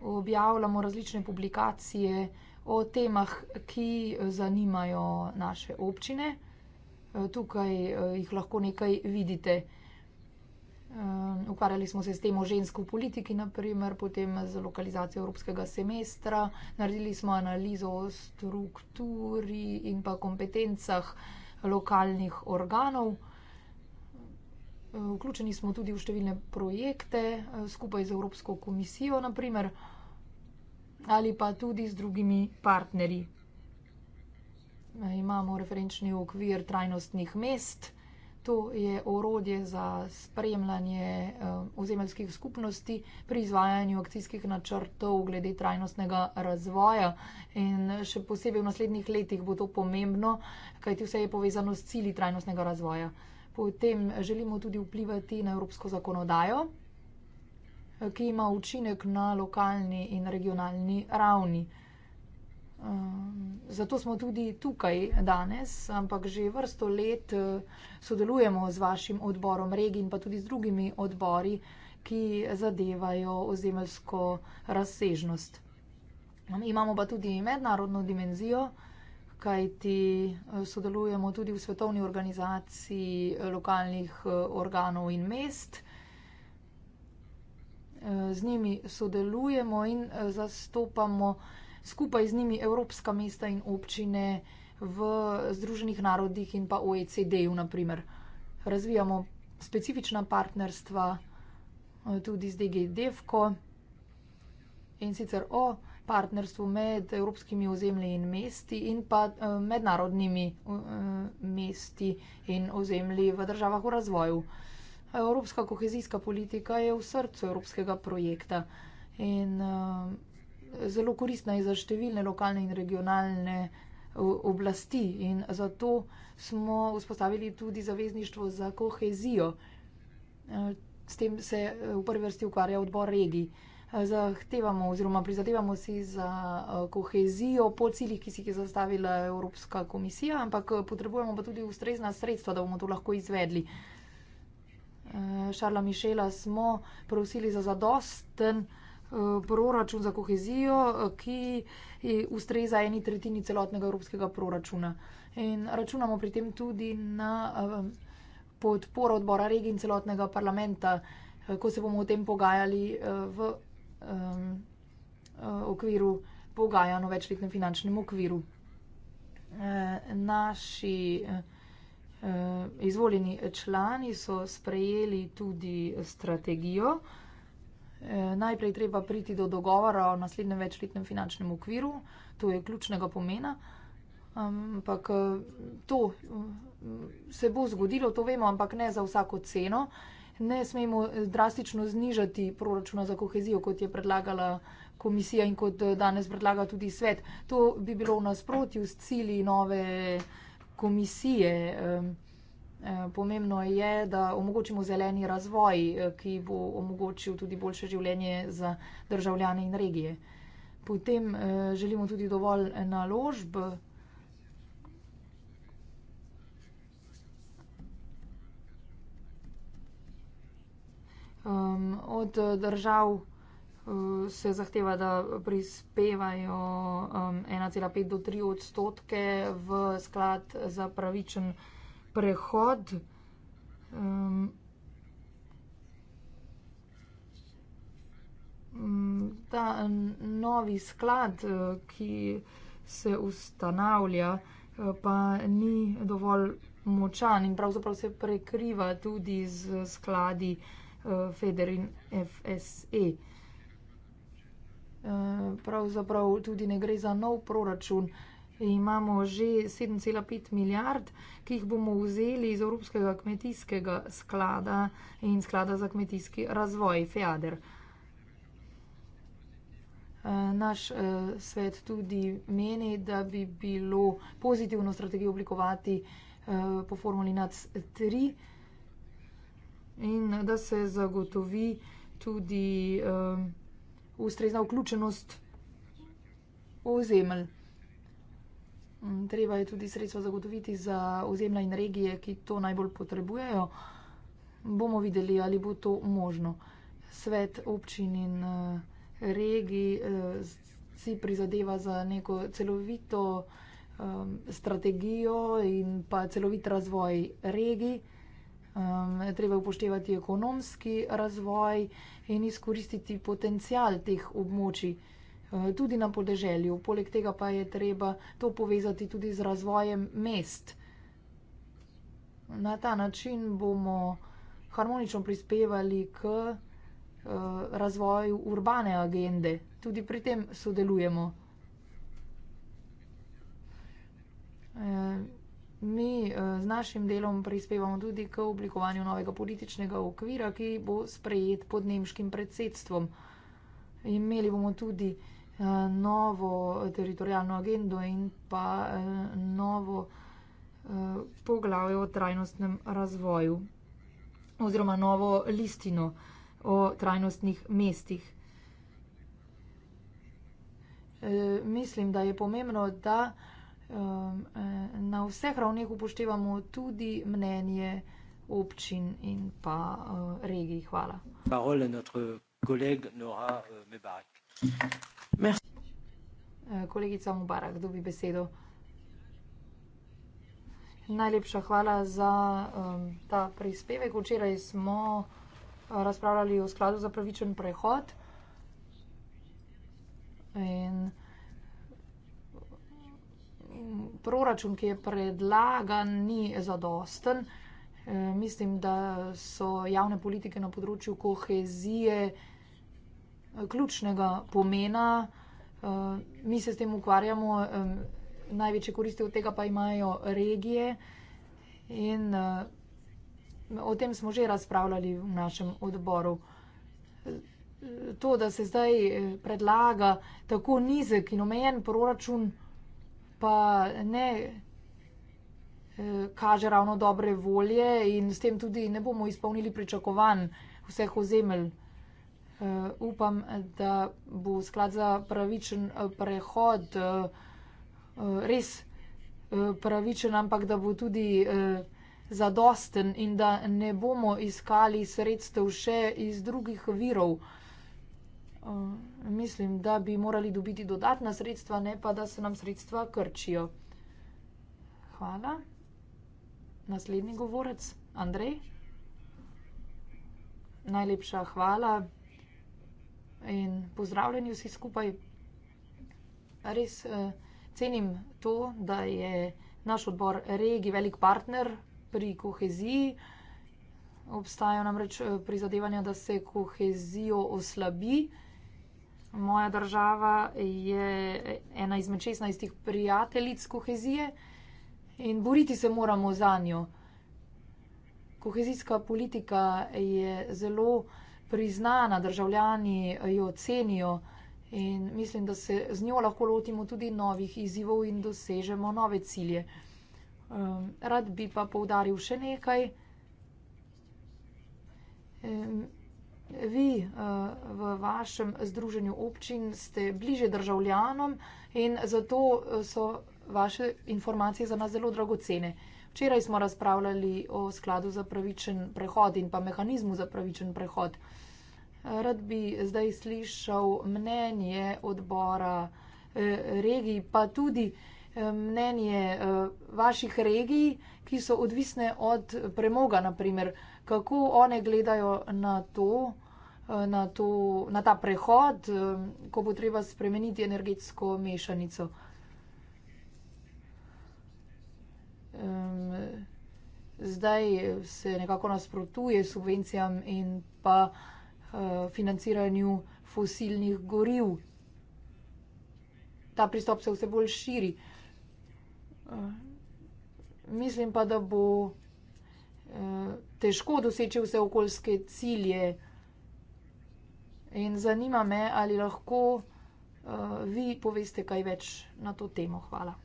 objavljamo različne publikacije o temah, ki zanimajo naše občine. Eh, tukaj jih lahko nekaj vidite. Ehm, ukvarjali smo se s tem o žensko politiki, naprimer, potem z lokalizacijo evropskega semestra, naredili smo analizo o strukturi in pa kompetencah lokalnih organov. Ehm, vključeni smo tudi v številne projekte eh, skupaj z Evropsko komisijo, naprimer, ali pa tudi z drugimi partnerji. Imamo referenčni okvir trajnostnih mest to je orodje za spremljanje eh, ozemeljskih skupnosti pri izvajanju akcijskih načrtov glede trajnostnega razvoja in še posebej v naslednjih letih bo to pomembno, kajti vse je povezano s cili trajnostnega razvoja. Potem želimo tudi vplivati na evropsko zakonodajo, eh, ki ima učinek na lokalni in regionalni ravni. Ehm, zato smo tudi tukaj danes, ampak že vrsto let eh, sodelujemo z vašim odborom regij in pa tudi z drugimi odbori, ki zadevajo ozemelsko razsežnost. Imamo pa tudi mednarodno dimenzijo, kajti eh, sodelujemo tudi v svetovni organizaciji eh, lokalnih organov in mest. Z njimi sodelujemo in zastopamo skupaj z njimi evropska mesta in občine v Združenih narodih in pa OECD-ju, naprimer. Razvijamo specifična partnerstva eh, tudi z DGDF-ko in sicer o partnerstvu med evropskimi ozemlji in mesti in pa eh, mednarodnimi eh, mesti in ozemlji v državah v razvoju. Evropska kohezijska politika je v srcu evropskega projekta in zelo koristna je za številne lokalne in regionalne oblasti in zato smo vzpostavili tudi zavezništvo za kohezijo. E, s tem se e, v prvi vrsti ukvarja odbor regij. E, zahtevamo oziroma prizadevamo si za kohezijo po ciljih, ki si jih je zastavila Evropska komisija, ampak potrebujemo pa tudi ustrezna sredstva, da bomo to lahko izvedli. Šarla Mišela smo prosili za zadosten Eh, proračun za kohezijo, eh, ki ustreza eni tretjini celotnega evropskega proračuna. In računamo pri tem tudi na eh, podporo odbora regij in celotnega parlamenta, ko se bomo o tem pogajali v okviru pogajanj o večletnem finančnem okviru. Naši izvoljeni člani so sprejeli tudi strategijo, Eh, najprej treba priti do dogovora o naslednjem večletnem finančnem okviru, to je ključnega pomena. Ampak eh, to eh, se bo zgodilo, to vemo, ampak ne za vsako ceno. Ne smemo drastično znižati proračuna za kohezijo, kot je predlagala komisija in kot danes predlaga tudi svet. To bi bilo v nasprotju s cili nove komisije. Eh, pomembno je, da omogočimo zeleni razvoj, eh, ki bo omogočil tudi boljše življenje za državljane in regije. Potem eh, želimo tudi dovolj naložb. Um, od držav se zahteva, da prispevajo 1,5 um, do 3 odstotke v sklad za pravičen razvoj prehod. Um, Ta novi sklad, eh, ki se ustanavlja, eh, pa ni dovolj močan in pravzaprav se prekriva tudi z skladi eh, Federin FSE. Pravzaprav tudi ne gre za nov proračun, imamo že 7,5 milijard, ki jih bomo vzeli iz Evropskega kmetijskega sklada in sklada za kmetijski razvoj, FEADER. Eh, naš eh, svet tudi meni, da bi bilo pozitivno strategijo oblikovati eh, po formuli NAC3 in da se zagotovi tudi ustrezna vključenost ozemelj. Mm, treba je tudi sredstva zagotoviti za ozemlja in regije, ki to najbolj potrebujejo. Bomo videli, ali bo to možno. Svet občin in eh, regij eh, si prizadeva za neko celovito ehm, strategijo in pa celovit razvoj regij. Ehm, treba upoštevati ekonomski razvoj in izkoristiti potencial teh območij. Eh, tudi na podeželju. Poleg tega pa je treba to povezati tudi z razvojem mest. Na ta način bomo harmonično prispevali k eh, razvoju urbane agende. Tudi pri tem sodelujemo. Eh, mi z našim delom prispevamo tudi k oblikovanju novega političnega okvira, ki bo sprejet pod nemškim predsedstvom. Imeli bomo tudi uh, Eh, novo teritorijalno agendo in pa eh, novo eh, poglavje o trajnostnem razvoju oziroma novo listino o trajnostnih mestih. Mislim, da je pomembno, da na vseh ravneh upoštevamo tudi mnenje občin in pa regij. Hvala. Parole notre collègue Nora Mebarek. Eh, kolegica Mubara, kdo bi besedo? Najlepša hvala za um, ta prispevek. Včeraj smo eh, razpravljali o skladu za pravičen prehod. In proračun, ki je predlagan, ni zadosten. E, mislim, da so javne politike na področju kohezije ključnega pomena. Uh, mi se s tem ukvarjamo, um, največje koristi od tega pa imajo regije in uh, o tem smo že razpravljali v našem odboru. To, da se zdaj eh, predlaga tako nizek in omejen proračun, pa ne uh, kaže ravno dobre volje in s tem tudi ne bomo izpolnili pričakovanj vseh ozemelj uh, upam, da bo sklad za pravičen eh, prehod uh, res pravičen, ampak da bo tudi uh, zadosten in da ne bomo iskali sredstev še iz drugih virov. Uh, mislim, da bi morali dobiti dodatna sredstva, ne pa da se nam sredstva krčijo. Hvala. Naslednji govorec, Andrej. Najlepša hvala in pozdravljeni vsi skupaj. Res eh, cenim to, da je naš odbor regi velik partner pri koheziji. Obstajajo namreč eh, prizadevanja, da se kohezijo oslabi. Moja država je ena izmed 16 prijateljic kohezije in boriti se moramo za njo. Kohezijska politika je zelo priznana, državljani jo ocenijo in mislim, da se z njo lahko lotimo tudi novih izzivov in dosežemo nove cilje. Um, rad bi pa povdaril še nekaj. Um, vi uh, v vašem združenju občin ste bliže državljanom in zato so vaše informacije za nas zelo dragocene. Včeraj smo razpravljali o skladu za pravičen prehod in pa mehanizmu za pravičen prehod. Rad bi zdaj slišal mnenje odbora eh, regij, pa tudi eh, mnenje eh, vaših regij, ki so odvisne od premoga, naprimer, kako one gledajo na to. Na, to, na ta prehod, ko bo treba spremeniti energetsko mešanico. Um, zdaj se nekako nasprotuje subvencijam in pa uh, financiranju fosilnih goriv. Ta pristop se vse bolj širi. Uh, mislim pa, da bo uh, težko doseči vse okoljske cilje. In zanima me, ali lahko uh, vi poveste kaj več na to temo. Hvala.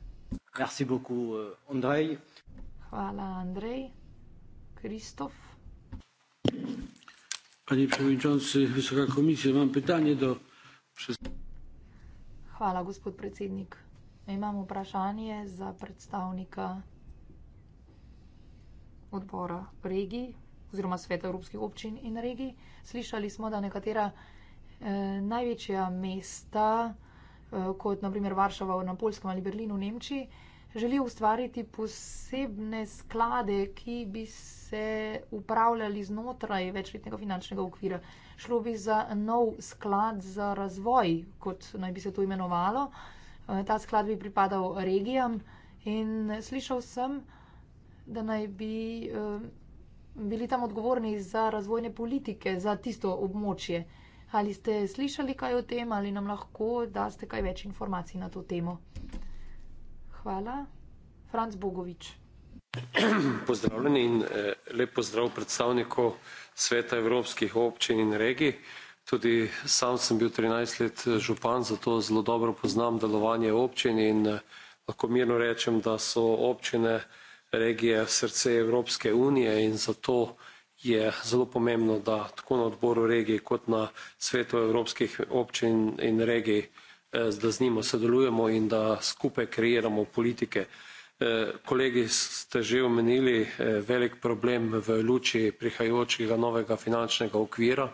Merci beaucoup, euh, Andrej. Hvala, Andrej. Kristof. Panie przewodniczący, wysoka komisja, mam pytanie do. Hvala, gospod predsednik. Imam vprašanje za predstavnika odbora regij oziroma Sveta Evropskih občin in regij. Slišali smo, da nekatera eh, največja mesta eh, Eh, kot naprimer Varšava na Polskem ali Berlinu v Nemčiji, želi ustvariti posebne sklade, ki bi se upravljali znotraj večletnega finančnega okvira. Šlo bi za nov sklad za razvoj, kot naj bi se to imenovalo. Eh, ta sklad bi pripadal regijam in slišal sem, da naj bi eh, bili tam odgovorni za razvojne politike, za tisto območje. Ali ste slišali kaj o tem, ali nam lahko daste kaj več informacij na to temo? Hvala. Franc Bogovič. Pozdravljeni in eh, lep pozdrav predstavniku Sveta evropskih občin in regij. Tudi sam sem bil 13 let eh, župan, zato zelo dobro poznam delovanje občin in eh, lahko mirno rečem, da so občine regije srce Evropske unije in zato je zelo pomembno, da tako na odboru regij kot na svetu evropskih občin in regij, eh, da z njimi sodelujemo in da skupaj kreiramo politike. Eh, kolegi ste že omenili eh, velik problem v luči prihajajočega novega finančnega okvira.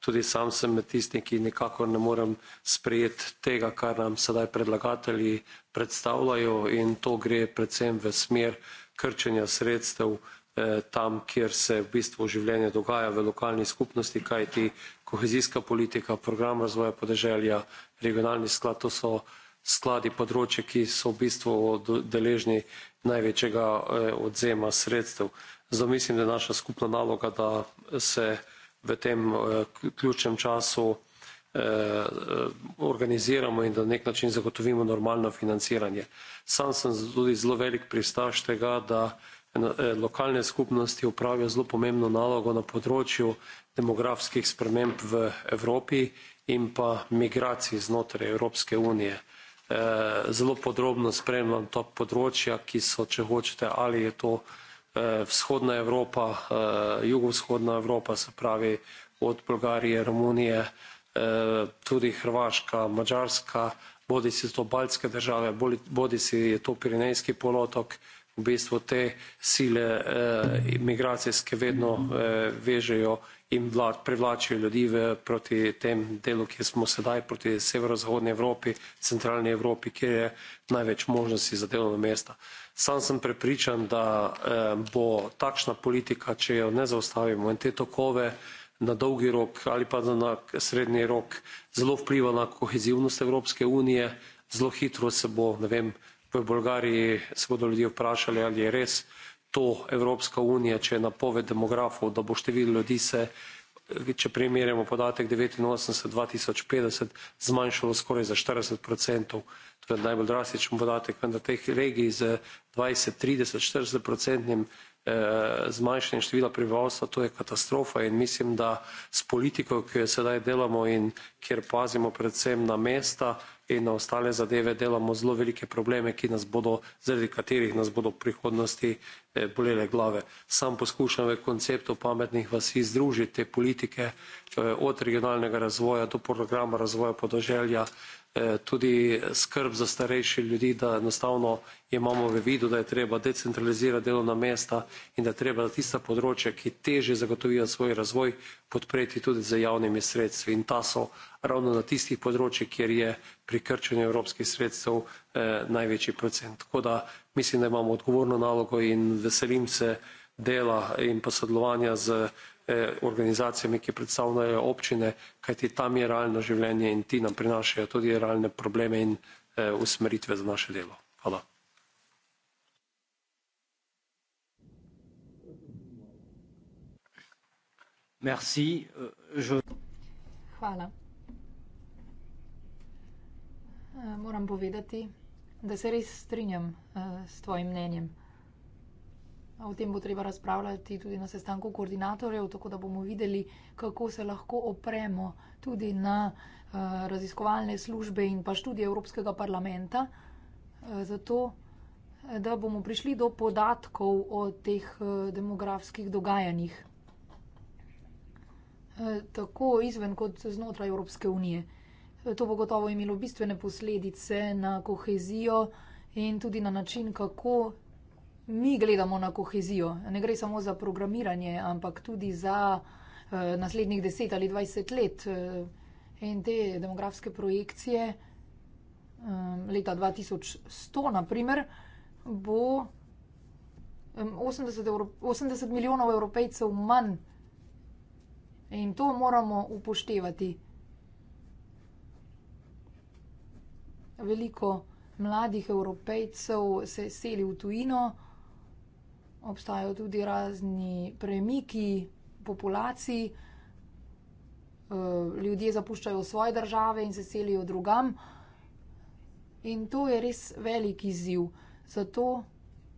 Tudi sam sem med tistim, ki nikakor ne morem sprejeti tega, kar nam sedaj predlagatelji predstavljajo in to gre predvsem v smer krčenja sredstev Eh, tam, kjer se v bistvu življenje dogaja v lokalni skupnosti, kajti kohezijska politika, program razvoja podeželja, regionalni sklad, to so skladi področje, ki so v bistvu deležni največjega eh, odzema sredstev. Zdaj mislim, da je naša skupna naloga, da se v tem eh, ključnem času organiziramo in da nek način zagotovimo normalno financiranje. Sam sem tudi zelo velik pristaš tega, da se Eh, lokalne skupnosti upravijo zelo pomembno nalogo na področju demografskih sprememb v Evropi in pa migracij znotraj Evropske unije. Eh, zelo podrobno spremljam ta področja, ki so, če hočete, ali je to eh, vzhodna Evropa, jugovzhodna Evropa, se pravi od Bolgarije, Romunije, tudi Hrvaška, Mačarska, bodi si to baltske države, bodi si je to Pirinejski polotok, v bistvu te sile eh, imigracijske vedno eh, vežejo in vlad, privlačijo ljudi v, proti tem delu, ki smo sedaj, proti severozahodni Evropi, centralni Evropi, kjer je največ možnosti za delovna mesta. Sam sem prepričan, da eh, bo takšna politika, če jo ne zaustavimo in te tokove na dolgi rok ali pa na srednji rok zelo vpliva na kohezivnost Evropske unije, zelo hitro se bo, ne vem, v Bolgariji se bodo ljudje vprašali, ali je res to Evropska unija, če je napoved demografov, da bo število ljudi se, če primerjamo podatek 89-2050, zmanjšalo skoraj za 40%. To je najbolj drastičen podatek, vendar teh regij z 20-30-40-procentnim eh, zmanjšanjem števila prebivalstva, to je katastrofa in mislim, da s politiko, ki jo sedaj delamo in kjer pazimo predvsem na mesta, in na ostale zadeve delamo zelo velike probleme, ki nas bodo, zaradi katerih nas bodo v prihodnosti eh, bolele glave. Sam poskušam v konceptu pametnih vasi združiti te politike eh, od regionalnega razvoja do programa razvoja podeželja, Eh, tudi skrb za starejše ljudi, da enostavno imamo v vidu, da je treba decentralizirati delovna mesta in da je treba za tista področja, ki teže zagotovijo svoj razvoj, podpreti tudi z javnimi sredstvi. In ta so ravno na tistih področjih, kjer je pri krčenju evropskih sredstev eh, največji procent. Tako da mislim, da imamo odgovorno nalogo in veselim se dela in pa sodelovanja z Eh, organizacijami, ki predstavljajo občine, kajti tam je realno življenje in ti nam prinašajo tudi realne probleme in eh, usmeritve za naše delo. Hvala. Eh, Hvala. Moram povedati, da se res strinjam s tvojim mnenjem. O tem bo treba razpravljati tudi na sestanku koordinatorjev, tako da bomo videli, kako se lahko opremo tudi na uh, raziskovalne službe in pa študije Evropskega parlamenta, uh, zato eh, da bomo prišli do podatkov o teh uh, demografskih dogajanjih, uh, tako izven kot znotraj Evropske unije. To bo gotovo imelo bistvene posledice na kohezijo in tudi na način, kako mi gledamo na kohezijo. Ne gre samo za programiranje, ampak tudi za eh, naslednjih 10 ali 20 let. In eh, te demografske projekcije eh, leta 2100, naprimer, bo 80, evro, 80 milijonov evropejcev manj. In to moramo upoštevati. Veliko mladih evropejcev se seli v tujino obstajajo tudi razni premiki populacij, eh, ljudje zapuščajo svoje države in se selijo drugam. In to je res velik izziv. Zato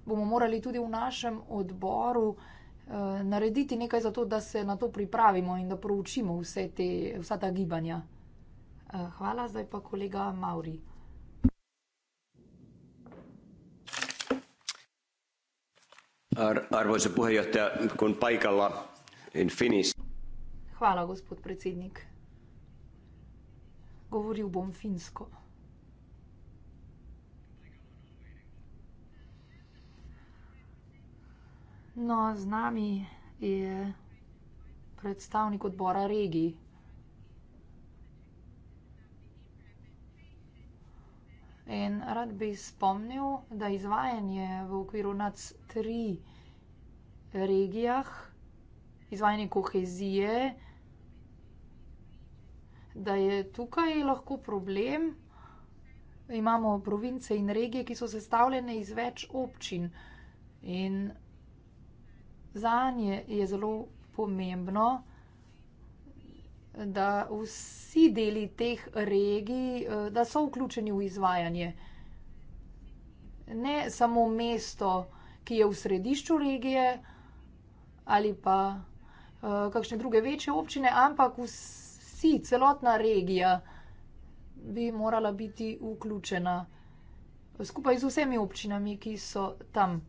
bomo morali tudi v našem odboru eh, narediti nekaj za to, da se na to pripravimo in da proučimo vse te, vsa ta gibanja. Eh, hvala, zdaj pa kolega Mauri. Ar, arvoisa puheenjohtaja, kun paikalla en finis. Hvala, gospod predsednik. Govoril bom finsko. No, z nami je predstavnik odbora regij. In rad bi spomnil, da izvajanje v okviru NAC-3 regijah, izvajanje kohezije, da je tukaj lahko problem. Imamo province in regije, ki so sestavljene iz več občin in za nje je zelo pomembno, da vsi deli teh regij, eh, da so vključeni v izvajanje. Ne samo mesto, ki je v središču regije ali pa eh, kakšne druge večje občine, ampak vsi, celotna regija bi morala biti vključena skupaj z vsemi občinami, ki so tam.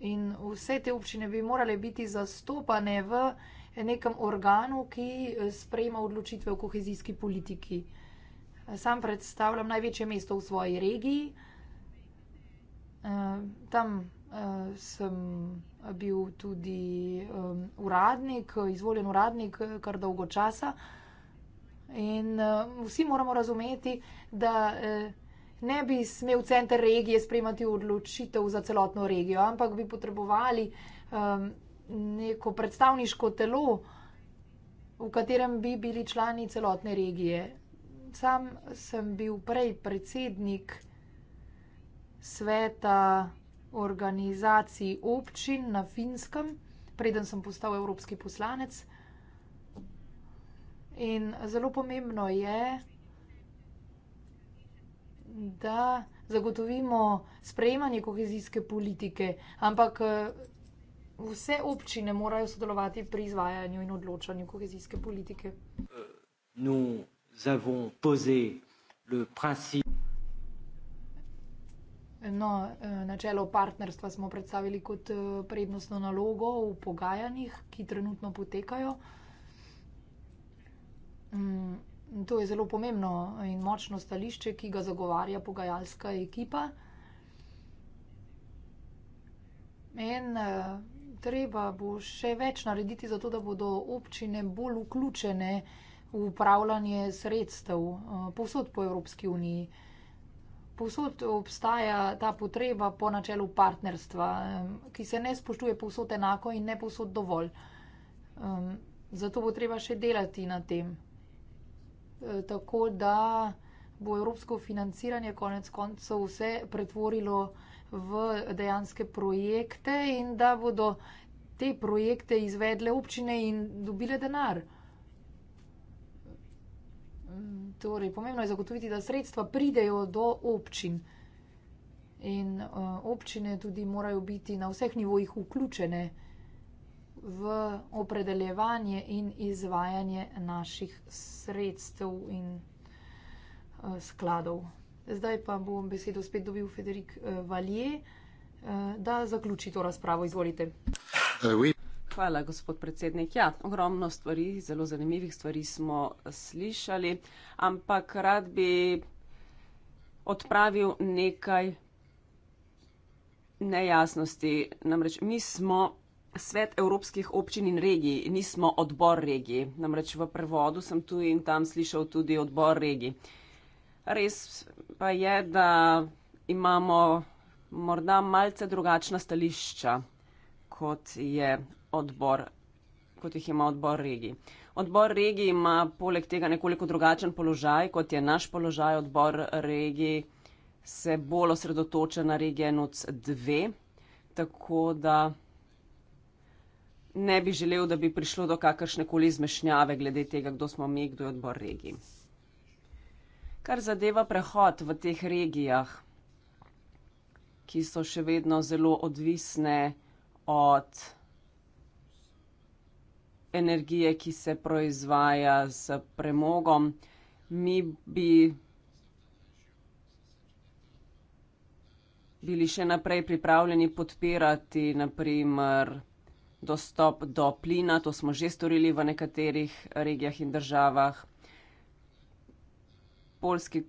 In vse te občine bi morale biti zastopane v regiji, nekem organu, ki eh, sprejema odločitve o kohezijski politiki. Sam predstavljam največje mesto v svoji regiji. Eh, tam eh, sem bil tudi uradnik, izvoljen uradnik kar dolgo časa. In vsi moramo razumeti, da ne bi smel center regije sprejemati odločitev za celotno regijo, ampak bi potrebovali neko predstavniško telo, v katerem bi bili člani celotne regije. Sam sem bil prej predsednik sveta organizacij občin na Finskem, preden sem postal evropski poslanec. In zelo pomembno je, da zagotovimo sprejemanje kohezijske politike, ampak vse občine morajo sodelovati pri izvajanju in odločanju kohezijske politike? No, eh, načelo partnerstva smo predstavili kot eh, prednostno nalogo v pogajanjih, ki trenutno potekajo. Mm, to je zelo pomembno in močno stališče, ki ga zagovarja pogajalska ekipa. In, treba bo še več narediti, zato da bodo občine bolj vključene v upravljanje sredstev eh, povsod po Evropski uniji. Povsod obstaja ta potreba po načelu partnerstva, eh, ki se ne spoštuje povsod enako in ne povsod dovolj. Zato bo treba še delati na tem. Eh, tako da bo evropsko financiranje konec koncev vse pretvorilo v dejanske projekte in da bodo te projekte izvedle občine in dobile denar. Torej, pomembno je zagotoviti, da sredstva pridejo do občin. In uh, občine tudi morajo biti na vseh nivojih vključene v opredeljevanje in izvajanje naših sredstev in uh, skladov. Zdaj pa bom besedo spet dobil Federik eh, Valje, eh, da zaključi to razpravo. Izvolite. Eh, Hvala, gospod predsednik. Ja, ogromno stvari, zelo zanimivih stvari smo slišali, ampak rad bi odpravil nekaj nejasnosti. Namreč mi smo svet evropskih občin in regij, nismo odbor regij. Namreč v prevodu sem tu in tam slišal tudi odbor regij. Res pa je, da imamo morda malce drugačna stališča, kot, odbor, kot jih ima odbor regij. Odbor regij ima poleg tega nekoliko drugačen položaj, kot je naš položaj. Odbor regij se bolj osredotoča na regije NOC 2, tako da ne bi želel, da bi prišlo do kakršne koli zmešnjave glede tega, kdo smo mi, kdo je odbor regij kar zadeva prehod v teh regijah, ki so še vedno zelo odvisne od energije, ki se proizvaja s premogom. Mi bi bili še naprej pripravljeni podpirati, naprimer, dostop do plina, to smo že storili v nekaterih regijah in državah polski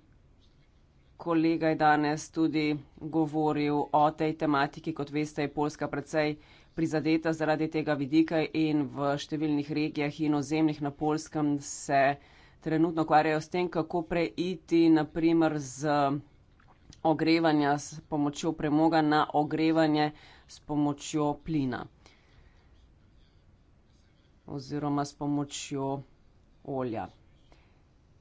kolega je danes tudi govoril o tej tematiki. Kot veste, je Polska precej prizadeta zaradi tega vidika in v številnih regijah in ozemljih na Polskem se trenutno ukvarjajo s tem, kako preiti naprimer z ogrevanja s pomočjo premoga na ogrevanje s pomočjo plina oziroma s pomočjo olja.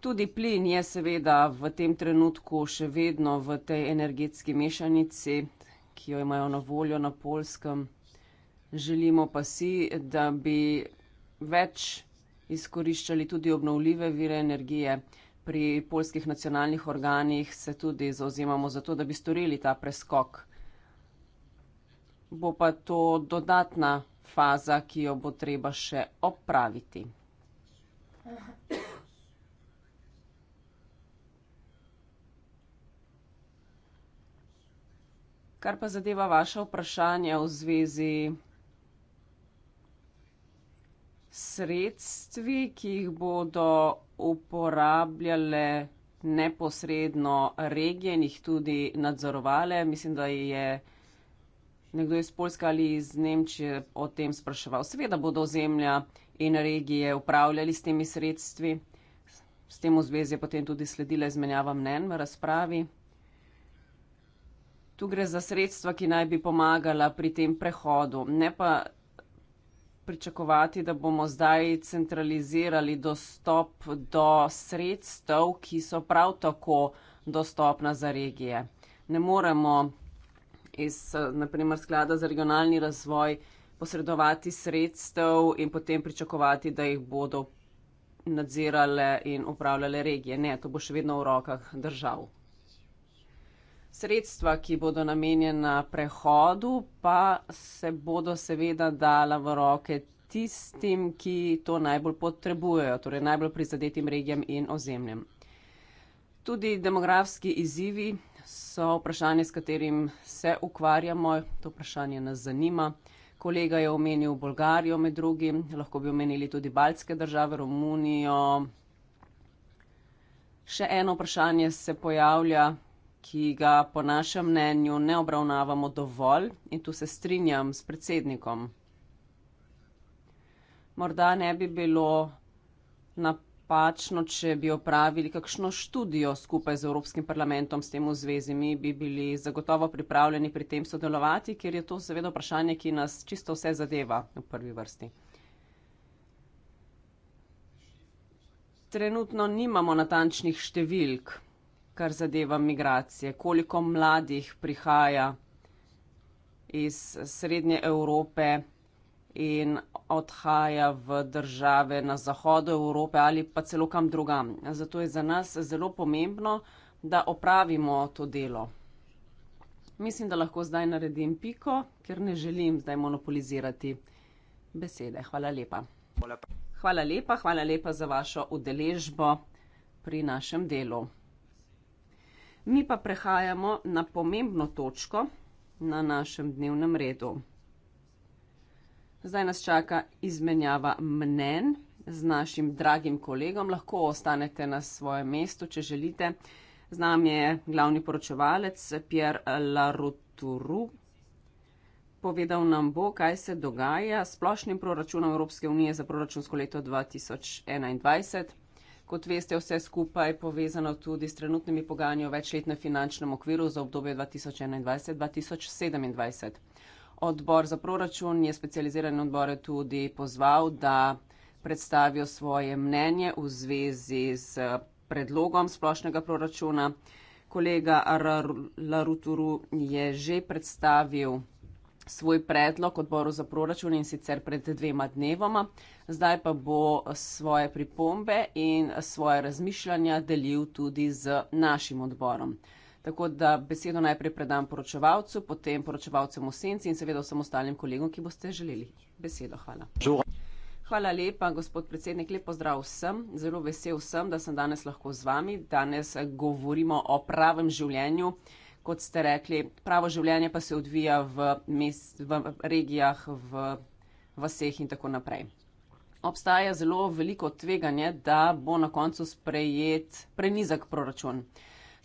Tudi plin je seveda v tem trenutku še vedno v tej energetski mešanici, ki jo imajo na voljo na polskem. Želimo pa si, da bi več izkoriščali tudi obnovljive vire energije. Pri polskih nacionalnih organih se tudi zauzemamo za to, da bi storili ta preskok. Bo pa to dodatna faza, ki jo bo treba še opraviti. Aha. Kar pa zadeva vaše vprašanje v zvezi sredstvi, ki jih bodo uporabljale neposredno regije in jih tudi nadzorovale. Mislim, da je nekdo iz Polske ali iz Nemčije o tem spraševal. Seveda bodo ozemlja in regije upravljali s temi sredstvi. S tem v zvezi je potem tudi sledila izmenjava mnen v razpravi. Tu gre za sredstva, ki naj bi pomagala pri tem prehodu, ne pa pričakovati, da bomo zdaj centralizirali dostop do sredstev, ki so prav tako dostopna za regije. Ne moremo iz, naprimer, sklada za regionalni razvoj posredovati sredstev in potem pričakovati, da jih bodo nadzirale in upravljale regije. Ne, to bo še vedno v rokah držav. Sredstva, ki bodo namenjena prehodu, pa se bodo seveda dala v roke tistim, ki to najbolj potrebujejo, torej najbolj prizadetim regijam in ozemljem. Tudi demografski izzivi so vprašanje, s katerim se ukvarjamo. To vprašanje nas zanima. Kolega je omenil Bolgarijo med drugim, lahko bi omenili tudi baltske države, Romunijo. Še eno vprašanje se pojavlja, ki ga po našem mnenju ne obravnavamo dovolj in tu se strinjam s predsednikom. Morda ne bi bilo napačno, če bi opravili kakšno študijo skupaj z Evropskim parlamentom s tem v zvezi. Mi bi bili zagotovo pripravljeni pri tem sodelovati, ker je to seveda vprašanje, ki nas čisto vse zadeva v prvi vrsti. Trenutno nimamo natančnih številk, kar zadeva migracije, koliko mladih prihaja iz Srednje Evrope in odhaja v države na zahodu Evrope ali pa celo kam drugam. Zato je za nas zelo pomembno, da opravimo to delo. Mislim, da lahko zdaj naredim piko, ker ne želim zdaj monopolizirati besede. Hvala lepa. Hvala lepa, hvala lepa za vašo udeležbo pri našem delu. Mi pa prehajamo na pomembno točko na našem dnevnem redu. Zdaj nas čaka izmenjava mnen z našim dragim kolegom. Lahko ostanete na svojem mestu, če želite. Z nami je glavni poročevalec Pierre Larouturu. Povedal nam bo, kaj se dogaja s splošnim proračunom Evropske unije za proračunsko leto 2021. Kot veste, vse skupaj povezano tudi s trenutnimi pogajanji o večletnem finančnem okviru za obdobje 2021-2027. Odbor za proračun je specializirane odbore tudi pozval, da predstavijo svoje mnenje v zvezi z predlogom splošnega proračuna. Kolega Ararutoru je že predstavil svoj predlog odboru za proračun in sicer pred dvema dnevoma, zdaj pa bo svoje pripombe in svoje razmišljanja delil tudi z našim odborom. Tako da besedo najprej predam poročevalcu, potem poročevalcem v senci in seveda vsem ostalim kolegom, ki boste želeli besedo. Hvala. Hvala lepa, gospod predsednik. Lep pozdrav vsem. Zelo vesel sem, da sem danes lahko z vami. Danes govorimo o pravem življenju kot ste rekli, pravo življenje pa se odvija v, mest, v regijah, v vseh in tako naprej. Obstaja zelo veliko tveganje, da bo na koncu sprejet prenizak proračun.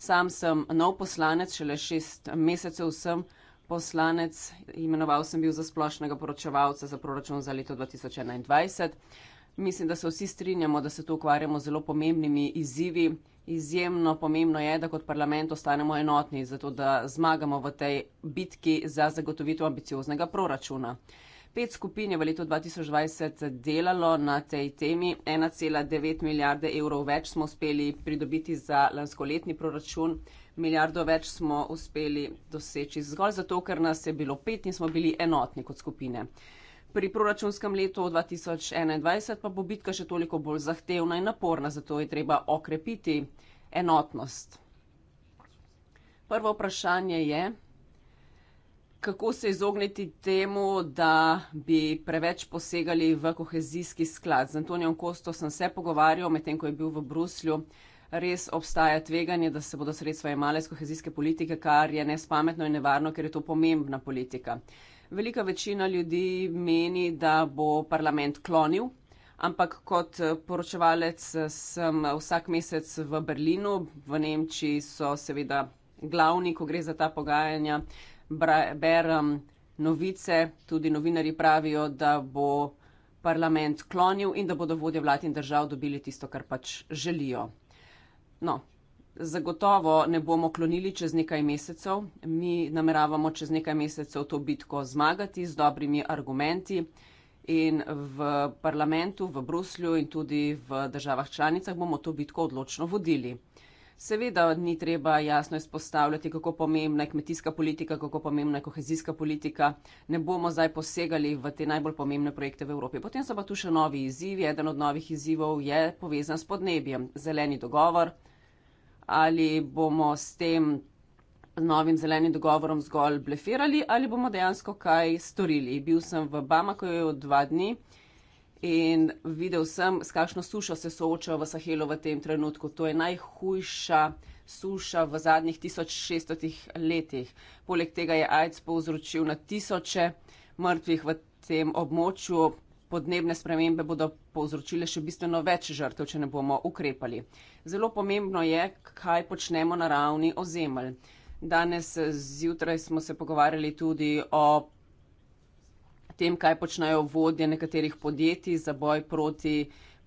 Sam sem nov poslanec, šele šest mesecev sem poslanec, imenoval sem bil za splošnega poročevalca za proračun za leto 2021. Mislim, da se vsi strinjamo, da se tu ukvarjamo z zelo pomembnimi izzivi. Izjemno pomembno je, da kot parlament ostanemo enotni, zato da zmagamo v tej bitki za zagotovitev ambicioznega proračuna. Pet skupin je v letu 2020 delalo na tej temi. 1,9 milijarde evrov več smo uspeli pridobiti za lanskoletni proračun. Milijardo več smo uspeli doseči zgolj zato, ker nas je bilo pet in smo bili enotni kot skupine pri proračunskem letu 2021 pa bo bitka še toliko bolj zahtevna in naporna, zato je treba okrepiti enotnost. Prvo vprašanje je, kako se izogniti temu, da bi preveč posegali v kohezijski sklad. Z Antonijem Kosto sem se pogovarjal, medtem ko je bil v Bruslju. Res obstaja tveganje, da se bodo sredstva imale iz kohezijske politike, kar je nespametno in nevarno, ker je to pomembna politika. Velika večina ljudi meni, da bo parlament klonil, ampak kot poročevalec sem vsak mesec v Berlinu, v Nemčiji so seveda glavni, ko gre za ta pogajanja, berem novice, tudi novinari pravijo, da bo parlament klonil in da bodo vodje vlad in držav dobili tisto, kar pač želijo. No, Zagotovo ne bomo klonili čez nekaj mesecev. Mi nameravamo čez nekaj mesecev to bitko zmagati z dobrimi argumenti. In v parlamentu, v Bruslju in tudi v državah članicah bomo to bitko odločno vodili. Seveda ni treba jasno izpostavljati, kako pomembna je kmetijska politika, kako pomembna je kohezijska politika. Ne bomo zdaj posegali v te najbolj pomembne projekte v Evropi. Potem so pa tu še novi izzivi. Eden od novih izzivov je povezan s podnebjem. Zeleni dogovor, ali bomo s tem novim zelenim dogovorom zgolj blefirali ali bomo dejansko kaj storili. Bil sem v Bamako jo dva dni in videl sem, s kakšno sušo se sooča v Sahelu v tem trenutku. To je najhujša suša v zadnjih 1600 letih. Poleg tega je AIDS povzročil na tisoče mrtvih v tem območju, podnebne spremembe bodo povzročile še bistveno več žrtev, če ne bomo ukrepali. Zelo pomembno je, kaj počnemo na ravni ozemelj. Danes zjutraj smo se pogovarjali tudi o tem, kaj počnejo vodje nekaterih podjetij za boj proti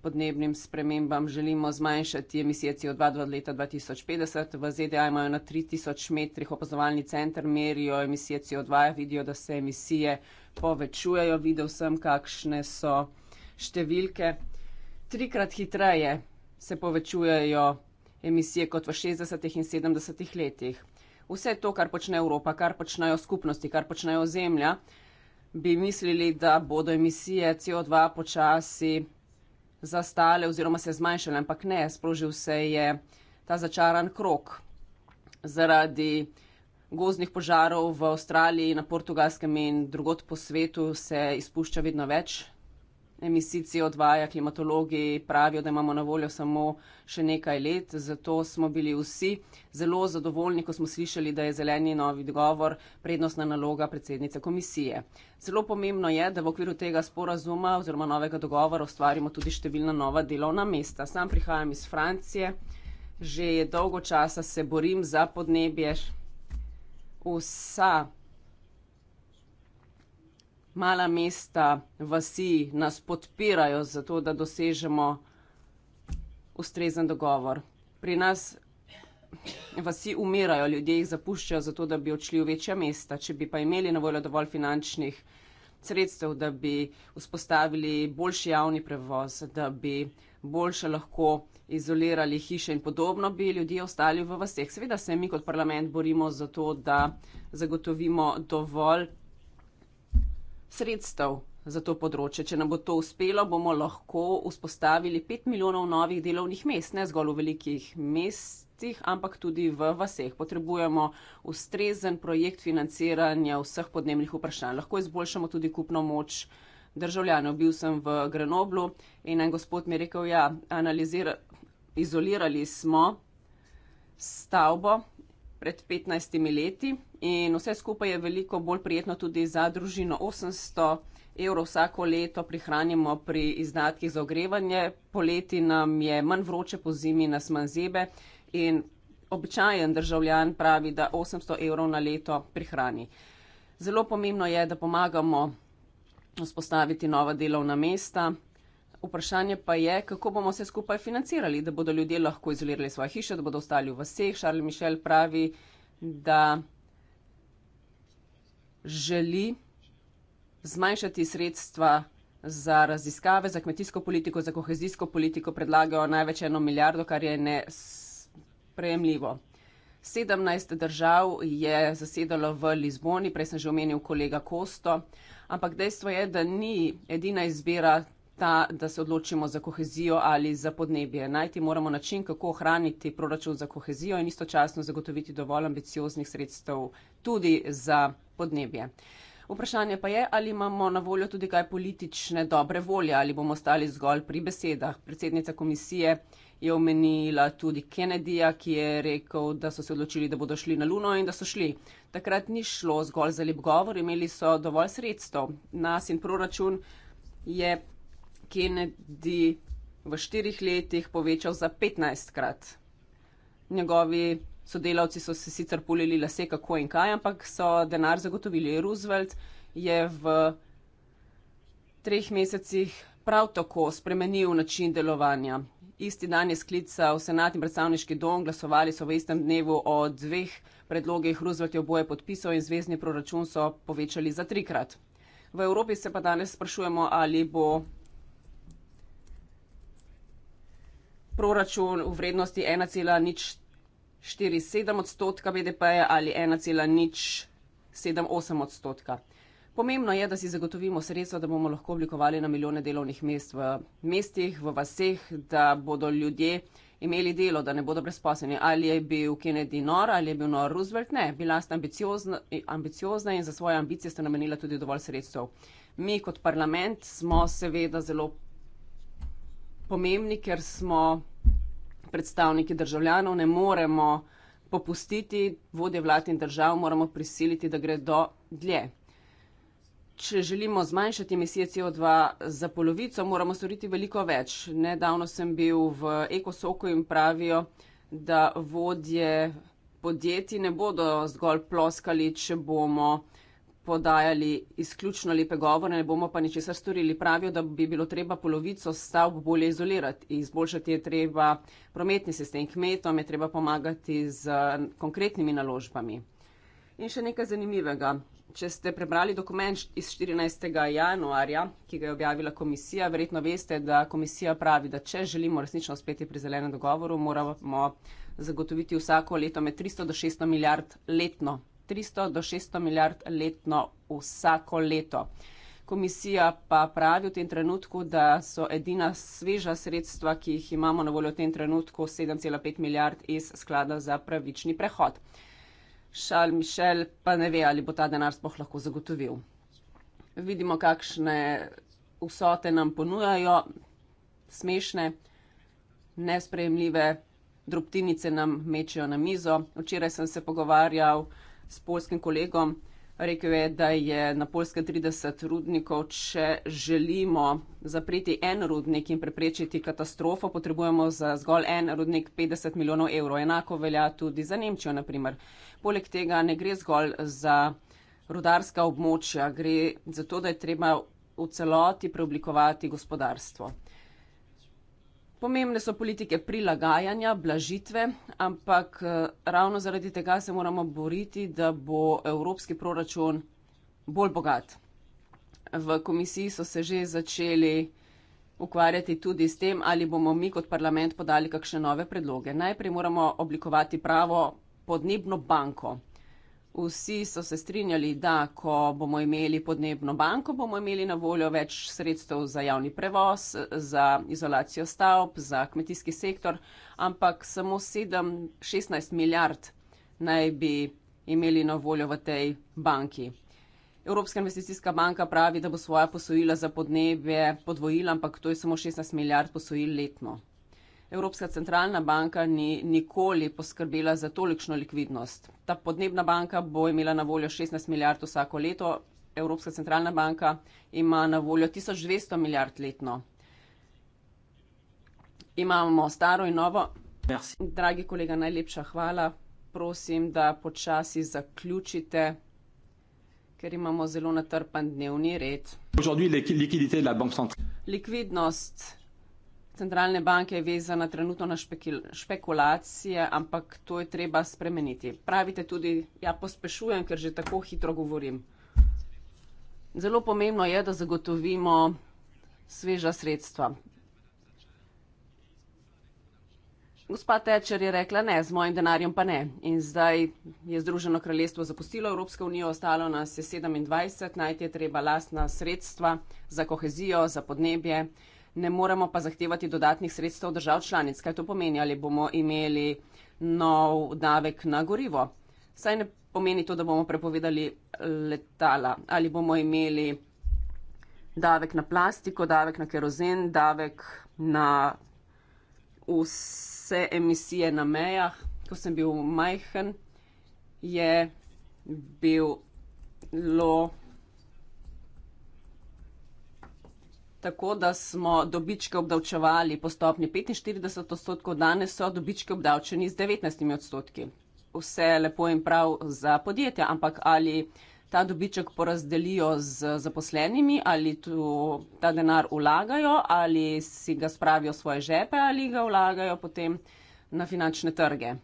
podnebnim spremembam želimo zmanjšati emisije CO2 do leta 2050. V ZDA imajo na 3000 metrih opazovalni center, merijo emisije CO2, vidijo, da se emisije povečujejo, videl sem, kakšne so številke. Trikrat hitreje se povečujejo emisije kot v 60. in 70. letih. Vse to, kar počne Evropa, kar počnejo skupnosti, kar počnejo zemlja, bi mislili, da bodo emisije CO2 počasi zastale oziroma se zmanjšale, ampak ne, sprožil se je ta začaran krok zaradi gozdnih požarov v Avstraliji, na portugalskem in drugot po svetu se izpušča vedno več emisij CO2, ja, klimatologi pravijo, da imamo na voljo samo še nekaj let, zato smo bili vsi zelo zadovoljni, ko smo slišali, da je zeleni novi dogovor prednostna naloga predsednice komisije. Zelo pomembno je, da v okviru tega sporazuma oziroma novega dogovora ustvarimo tudi številna nova delovna mesta. Sam prihajam iz Francije, že dolgo časa se borim za podnebje. Vsa mala mesta, vasi nas podpirajo za to, da dosežemo ustrezen dogovor. Pri nas vasi umirajo, ljudje jih zapuščajo zato, da bi odšli v večja mesta. Če bi pa imeli na voljo dovolj finančnih sredstev, da bi vzpostavili boljši javni prevoz, da bi boljše lahko izolirali hiše in podobno, bi ljudje ostali v vseh. Seveda se mi kot parlament borimo za to, da zagotovimo dovolj sredstev za to področje. Če nam bo to uspelo, bomo lahko vzpostavili 5 milijonov novih delovnih mest, ne zgolj v velikih mestih, ampak tudi v vseh. Potrebujemo ustrezen projekt financiranja vseh podnebnih vprašanj. Lahko izboljšamo tudi kupno moč državljanov. Bil sem v Grenoblu in en gospod mi je rekel, ja, analizira, izolirali smo stavbo pred 15 leti. In vse skupaj je veliko bolj prijetno tudi za družino. 800 evrov vsako leto prihranimo pri izdatkih za ogrevanje, poleti nam je manj vroče, po zimi nas manj zebe. In običajen državljan pravi, da 800 evrov na leto prihrani. Zelo pomembno je, da pomagamo vzpostaviti nova delovna mesta. Vprašanje pa je, kako bomo vse skupaj financirali, da bodo ljudje lahko izolirali svoje hiše, da bodo ostali v vseh. Šarl Mišel pravi, da želi zmanjšati sredstva za raziskave, za kmetijsko politiko, za kohezijsko politiko, predlagajo največ eno milijardo, kar je nespremljivo. 17 držav je zasedalo v Lizboni, prej sem že omenil kolega Kosto, ampak dejstvo je, da ni edina izbira ta, da se odločimo za kohezijo ali za podnebje. Najti moramo način, kako ohraniti proračun za kohezijo in istočasno zagotoviti dovolj ambicioznih sredstev tudi za podnebje. Vprašanje pa je, ali imamo na voljo tudi kaj politične dobre volje, ali bomo stali zgolj pri besedah. Predsednica komisije je omenila tudi Kennedyja, ki je rekel, da so se odločili, da bodo šli na Luno in da so šli. Takrat ni šlo zgolj za lep govor, imeli so dovolj sredstev. Nas in proračun je Kennedy v štirih letih povečal za 15 krat. Njegovi sodelavci so se sicer pulili lase, kako in kaj, ampak so denar zagotovili. Roosevelt je v treh mesecih prav tako spremenil način delovanja. Isti dan je sklical senat in predstavniški dom, glasovali so v istem dnevu o dveh predlogih, Roosevelt je oboje podpisal in zvezdni proračun so povečali za trikrat. V Evropi se pa danes sprašujemo, ali bo proračun v vrednosti 1,047 odstotka BDP ali 1,078 odstotka. Pomembno je, da si zagotovimo sredstva, da bomo lahko oblikovali na milijone delovnih mest v mestih, v vaseh, da bodo ljudje imeli delo, da ne bodo brezposleni. Ali je bil Kennedy nor, ali je bil nor Roosevelt? Ne, bila sta ambiciozna, ambiciozna in za svoje ambicije sta namenila tudi dovolj sredstev. Mi kot parlament smo seveda zelo pomembni, ker smo predstavniki državljanov, ne moremo popustiti vode vlad in držav, moramo prisiliti, da gre do dlje. Če želimo zmanjšati emisije CO2 za polovico, moramo storiti veliko več. Nedavno sem bil v Ekosoku in pravijo, da vodje podjetij ne bodo zgolj ploskali, če bomo podajali izključno lepe govore, ne bomo pa ničesar storili. Pravijo, da bi bilo treba polovico stavb bolje izolirati in izboljšati je treba prometni sistem kmetom, je treba pomagati z konkretnimi naložbami. In še nekaj zanimivega. Če ste prebrali dokument iz 14. januarja, ki ga je objavila komisija, verjetno veste, da komisija pravi, da če želimo resnično uspeti pri zelenem dogovoru, moramo zagotoviti vsako leto med 300 do 600 milijard letno 300 do 600 milijard letno vsako leto. Komisija pa pravi v tem trenutku, da so edina sveža sredstva, ki jih imamo na voljo v tem trenutku, 7,5 milijard iz sklada za pravični prehod. Šal Mišel pa ne ve, ali bo ta denar sploh lahko zagotovil. Vidimo, kakšne vsote nam ponujajo, smešne, nesprejemljive, drobtinice nam mečejo na mizo. Včeraj sem se pogovarjal s polskim kolegom. Rekel je, da je na polske 30 rudnikov, če želimo zapreti en rudnik in preprečiti katastrofo, potrebujemo za zgolj en rudnik 50 milijonov evrov. Enako velja tudi za Nemčijo, naprimer. Poleg tega ne gre zgolj za rudarska območja, gre za to, da je treba v celoti preoblikovati gospodarstvo. Pomembne so politike prilagajanja, blažitve, ampak eh, ravno zaradi tega se moramo boriti, da bo evropski proračun bolj bogat. V komisiji so se že začeli ukvarjati tudi s tem, ali bomo mi kot parlament podali kakšne nove predloge. Najprej moramo oblikovati pravo podnebno banko. Vsi so se strinjali, da ko bomo imeli podnebno banko, bomo imeli na voljo več sredstev za javni prevoz, za izolacijo stavb, za kmetijski sektor, ampak samo 7-16 milijard naj bi imeli na voljo v tej banki. Evropska investicijska banka pravi, da bo svoja posojila za podnebje podvojila, ampak to je samo 16 milijard posojil letno. Evropska centralna banka ni nikoli poskrbela za tolikšno likvidnost. Ta podnebna banka bo imela na voljo 16 milijard vsako leto, Evropska centralna banka ima na voljo 1200 milijard letno. Imamo staro in novo. Merci. Dragi kolega, najlepša hvala. Prosim, da počasi zaključite, ker imamo zelo natrpan dnevni red. Likvidnost centralne banke je vezana trenutno na špekulacije, ampak to je treba spremeniti. Pravite tudi, ja, pospešujem, ker že tako hitro govorim. Zelo pomembno je, da zagotovimo sveža sredstva. Gospa Tečer je rekla ne, z mojim denarjem pa ne. In zdaj je Združeno kraljestvo zapustilo Evropsko unijo, ostalo nas je 27, najti je treba lastna sredstva za kohezijo, za podnebje ne moremo pa zahtevati dodatnih sredstev držav članic. Kaj to pomeni? Ali bomo imeli nov davek na gorivo? Saj ne pomeni to, da bomo prepovedali letala. Ali bomo imeli davek na plastiko, davek na kerozen, davek na vse emisije na mejah. Ko sem bil majhen, je bilo tako, da smo dobičke obdavčevali po stopni 45 odstotkov, danes so dobičke obdavčeni z 19 odstotki. Vse lepo in prav za podjetja, ampak ali ta dobiček porazdelijo z zaposlenimi, ali tu ta denar vlagajo, ali si ga spravijo v svoje žepe, ali ga vlagajo potem na finančne trge.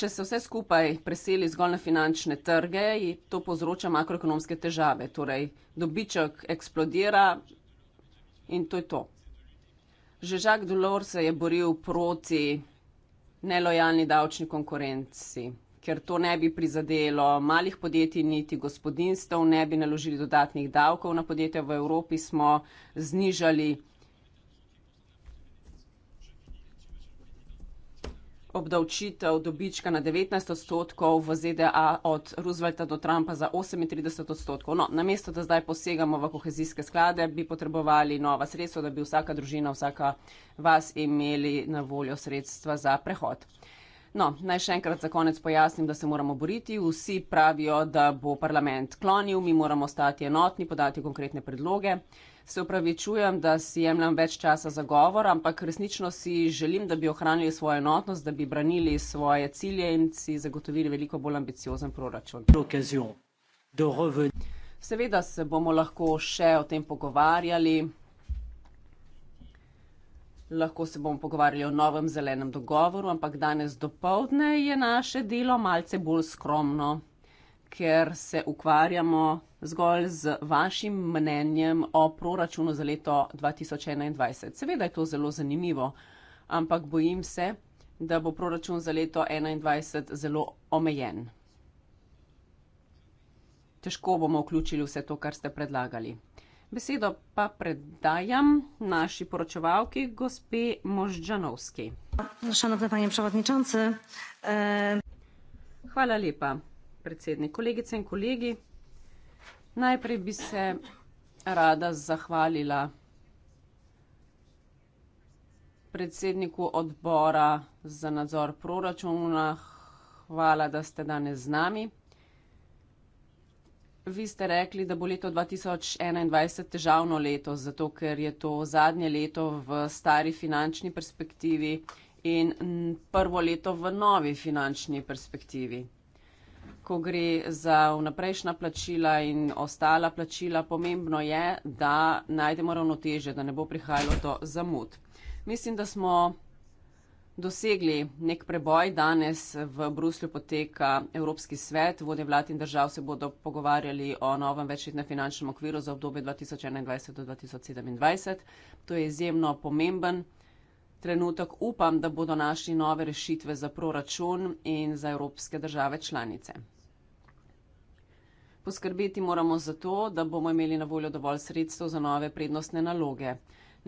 Če se vse skupaj preseli zgolj na finančne trge, to povzroča makroekonomske težave. Torej, dobiček eksplodira in to je to. Že Žak Dolor se je boril proti nelojalni davčni konkurenci, ker to ne bi prizadelo malih podjetij, niti gospodinstv, ne bi naložili dodatnih davkov na podjetja. V Evropi smo znižali obdavčitev dobička na 19 odstotkov v ZDA od Roosevelta do Trumpa za 38 odstotkov. No, namesto, da zdaj posegamo v kohezijske sklade, bi potrebovali nova sredstva, da bi vsaka družina, vsaka vas imeli na voljo sredstva za prehod. No, naj še enkrat za konec pojasnim, da se moramo boriti. Vsi pravijo, da bo parlament klonil, mi moramo stati enotni, podati konkretne predloge se upravičujem, da si jemljem več časa za govor, ampak resnično si želim, da bi ohranili svojo enotnost, da bi branili svoje cilje in si zagotovili veliko bolj ambiciozen proračun. Seveda se bomo lahko še o tem pogovarjali. Lahko se bomo pogovarjali o novem zelenem dogovoru, ampak danes dopoldne je naše delo malce bolj skromno ker se ukvarjamo zgolj z vašim mnenjem o proračunu za leto 2021. Seveda je to zelo zanimivo, ampak bojim se, da bo proračun za leto 2021 zelo omejen. Težko bomo vključili vse to, kar ste predlagali. Besedo pa predajam naši poročevalki, gospe Možžanovski. Šanovne panje predsednice. Hvala lepa predsednik, kolegice in kolegi. Najprej bi se rada zahvalila predsedniku odbora za nadzor proračuna. Hvala, da ste danes z nami. Vi ste rekli, da bo leto 2021 težavno leto, zato ker je to zadnje leto v stari finančni perspektivi in prvo leto v novi finančni perspektivi ko gre za vnaprejšnja plačila in ostala plačila, pomembno je, da najdemo ravnoteže, da ne bo prihajalo do zamud. Mislim, da smo dosegli nek preboj. Danes v Bruslju poteka Evropski svet. Vode vlad in držav se bodo pogovarjali o novem večletnem finančnem okviru za obdobje 2021 do 2027. To je izjemno pomemben trenutek. Upam, da bodo našli nove rešitve za proračun in za evropske države članice. Poskrbeti moramo za to, da bomo imeli na voljo dovolj sredstev za nove prednostne naloge.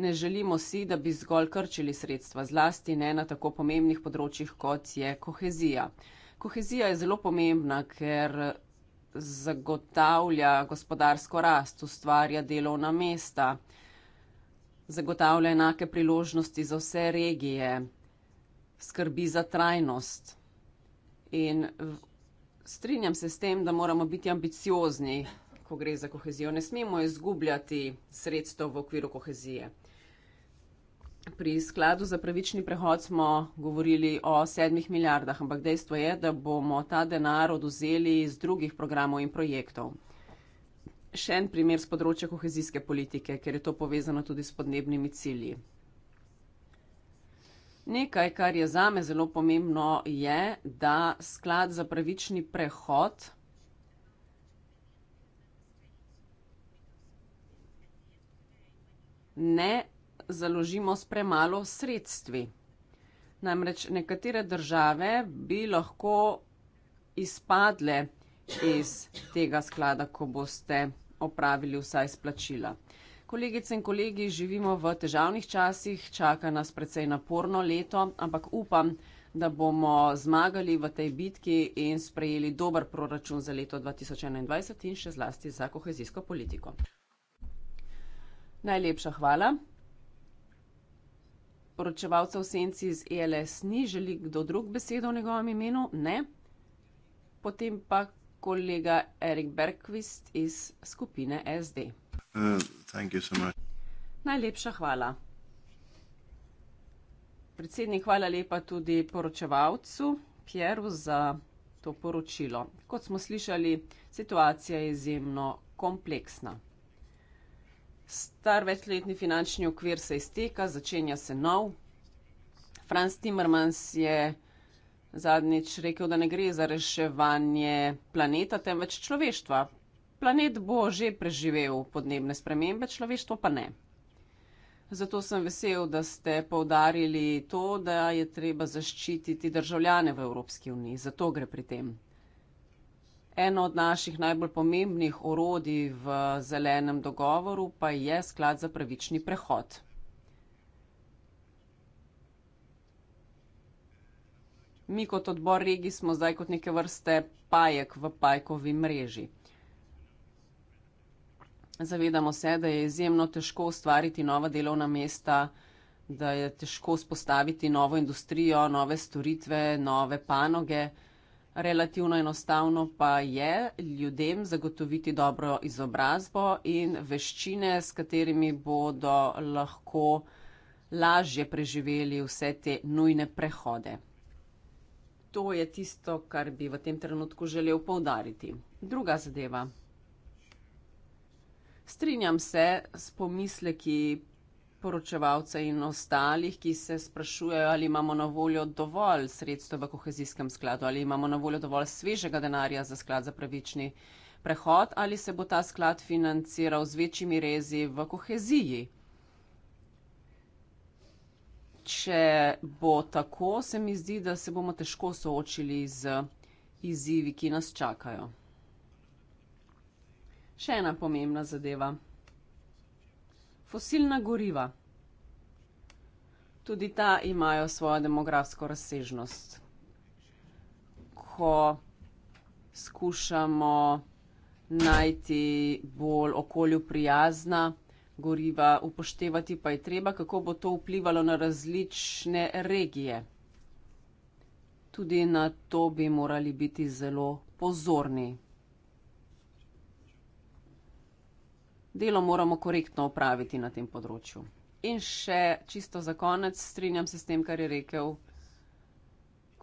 Ne želimo si, da bi zgolj krčili sredstva, zlasti ne na tako pomembnih področjih, kot je kohezija. Kohezija je zelo pomembna, ker zagotavlja gospodarsko rast, ustvarja delovna mesta, zagotavlja enake priložnosti za vse regije, skrbi za trajnost. In Strinjam se s tem, da moramo biti ambiciozni, ko gre za kohezijo. Ne smemo izgubljati sredstev v okviru kohezije. Pri skladu za pravični prehod smo govorili o sedmih milijardah, ampak dejstvo je, da bomo ta denar oduzeli iz drugih programov in projektov. Še en primer z področja kohezijske politike, ker je to povezano tudi s podnebnimi cilji. Nekaj, kar je zame zelo pomembno, je, da sklad za pravični prehod ne založimo s premalo sredstvi. Namreč nekatere države bi lahko izpadle iz tega sklada, ko boste opravili vsa izplačila. Kolegice in kolegi, živimo v težavnih časih, čaka nas precej naporno leto, ampak upam, da bomo zmagali v tej bitki in sprejeli dober proračun za leto 2021 in še zlasti za kohezijsko politiko. Najlepša hvala. Poročevalca v senci z ELS ni, želi kdo drug besedo v njegovem imenu? Ne. Potem pa kolega Erik Bergqvist iz skupine SD. Uh, Najlepša hvala. Predsednik, hvala lepa tudi poročevalcu Pjeru za to poročilo. Kot smo slišali, situacija je izjemno kompleksna. Star večletni finančni okvir se izteka, začenja se nov. Franz Timmermans je zadnjič rekel, da ne gre za reševanje planeta, temveč človeštva. Planet bo že preživel podnebne spremembe, človeštvo pa ne. Zato sem vesel, da ste povdarili to, da je treba zaščititi državljane v Evropski uniji. Zato gre pri tem. Eno od naših najbolj pomembnih orodij v zelenem dogovoru pa je sklad za pravični prehod. mi kot odbor regi smo zdaj kot neke vrste pajek v pajkovi mreži. Zavedamo se, da je izjemno težko ustvariti nova delovna mesta, da je težko spostaviti novo industrijo, nove storitve, nove panoge. Relativno enostavno pa je ljudem zagotoviti dobro izobrazbo in veščine, s katerimi bodo lahko lažje preživeli vse te nujne prehode to je tisto, kar bi v tem trenutku želel povdariti. Druga zadeva. Strinjam se s pomisleki poročevalca in ostalih, ki se sprašujejo, ali imamo na voljo dovolj sredstev v kohezijskem skladu, ali imamo na voljo dovolj svežega denarja za sklad za pravični prehod, ali se bo ta sklad financiral z večjimi rezi v koheziji če bo tako, se mi zdi, da se bomo težko soočili z izzivi, ki nas čakajo. Še ena pomembna zadeva. Fosilna goriva. Tudi ta imajo svojo demografsko razsežnost. Ko skušamo najti bolj okolju prijazna, goriva, upoštevati pa je treba, kako bo to vplivalo na različne regije. Tudi na to bi morali biti zelo pozorni. Delo moramo korektno opraviti na tem področju. In še čisto za konec strinjam se s tem, kar je rekel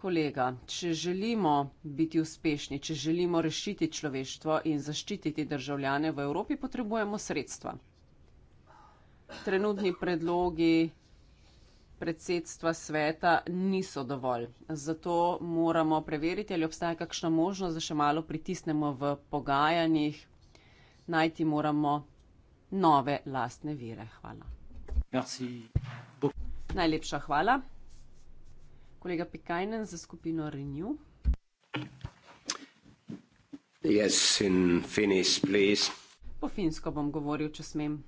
kolega. Če želimo biti uspešni, če želimo rešiti človeštvo in zaščititi državljane v Evropi, potrebujemo sredstva trenutni predlogi predsedstva sveta niso dovolj. Zato moramo preveriti, ali obstaja kakšna možnost, da še malo pritisnemo v pogajanjih. Najti moramo nove lastne vire. Hvala. Merci. Najlepša hvala. Kolega Pikajnen za skupino Renew. Yes, in Finnish, please. Po finsko bom govoril, če smem.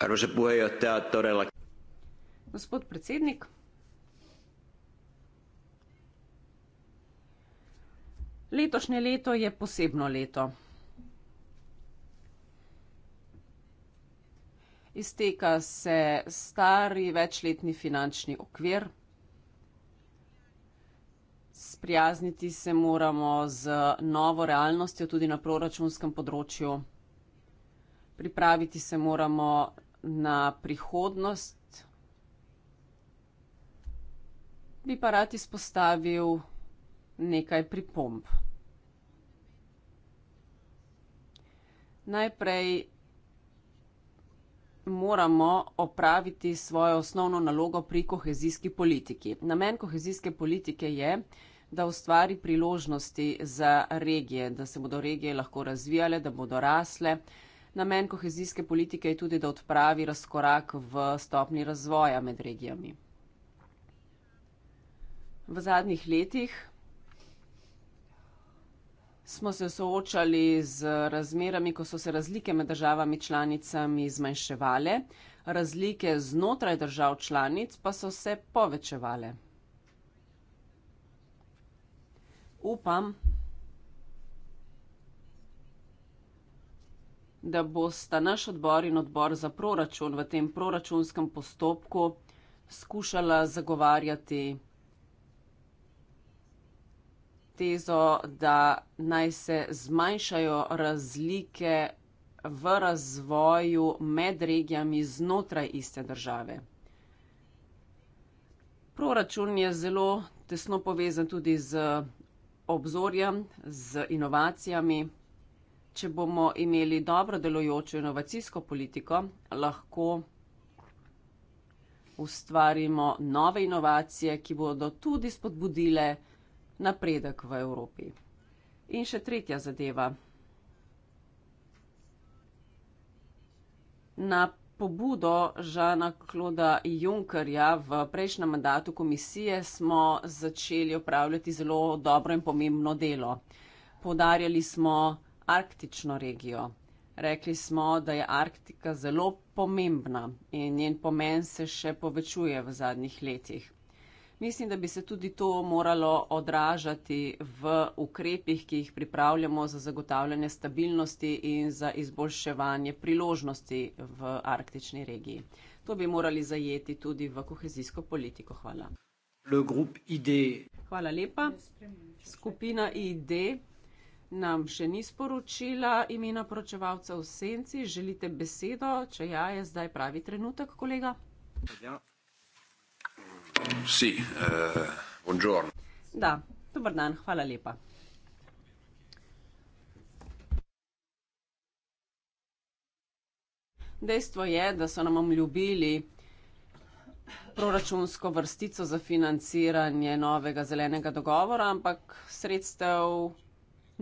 Arvoisa puheenjohtaja, todella. Gospod predsednik. Letošnje leto je posebno leto. Izteka se stari večletni finančni okvir. Sprijazniti se moramo z novo realnostjo tudi na proračunskem področju. Pripraviti se moramo na prihodnost, bi pa rad izpostavil nekaj pripomb. Najprej moramo opraviti svojo osnovno nalogo pri kohezijski politiki. Namen kohezijske politike je, da ustvari priložnosti za regije, da se bodo regije lahko razvijale, da bodo rasle, Namen kohezijske politike je tudi, da odpravi razkorak v stopni razvoja med regijami. V zadnjih letih smo se soočali z razmerami, ko so se razlike med državami članicami zmanjševale, razlike znotraj držav članic pa so se povečevale. Upam, da bosta naš odbor in odbor za proračun v tem proračunskem postopku skušala zagovarjati tezo, da naj se zmanjšajo razlike v razvoju med regijami znotraj iste države. Proračun je zelo tesno povezan tudi z obzorjem, z inovacijami če bomo imeli dobro delojočo inovacijsko politiko, lahko ustvarimo nove inovacije, ki bodo tudi spodbudile napredek v Evropi. In še tretja zadeva. Na pobudo Žana Kloda Junkerja v prejšnjem mandatu komisije smo začeli upravljati zelo dobro in pomembno delo. Podarjali smo arktično regijo. Rekli smo, da je Arktika zelo pomembna in njen pomen se še povečuje v zadnjih letih. Mislim, da bi se tudi to moralo odražati v ukrepih, ki jih pripravljamo za zagotavljanje stabilnosti in za izboljševanje priložnosti v arktični regiji. To bi morali zajeti tudi v kohezijsko politiko. Hvala. Hvala lepa. Skupina ID nam še ni sporočila imena poročevalca v senci. Želite besedo, če ja, je zdaj pravi trenutek, kolega? Ja. Si, uh, buongiorno. Da, dober dan, hvala lepa. Dejstvo je, da so nam obljubili proračunsko vrstico za financiranje novega zelenega dogovora, ampak sredstev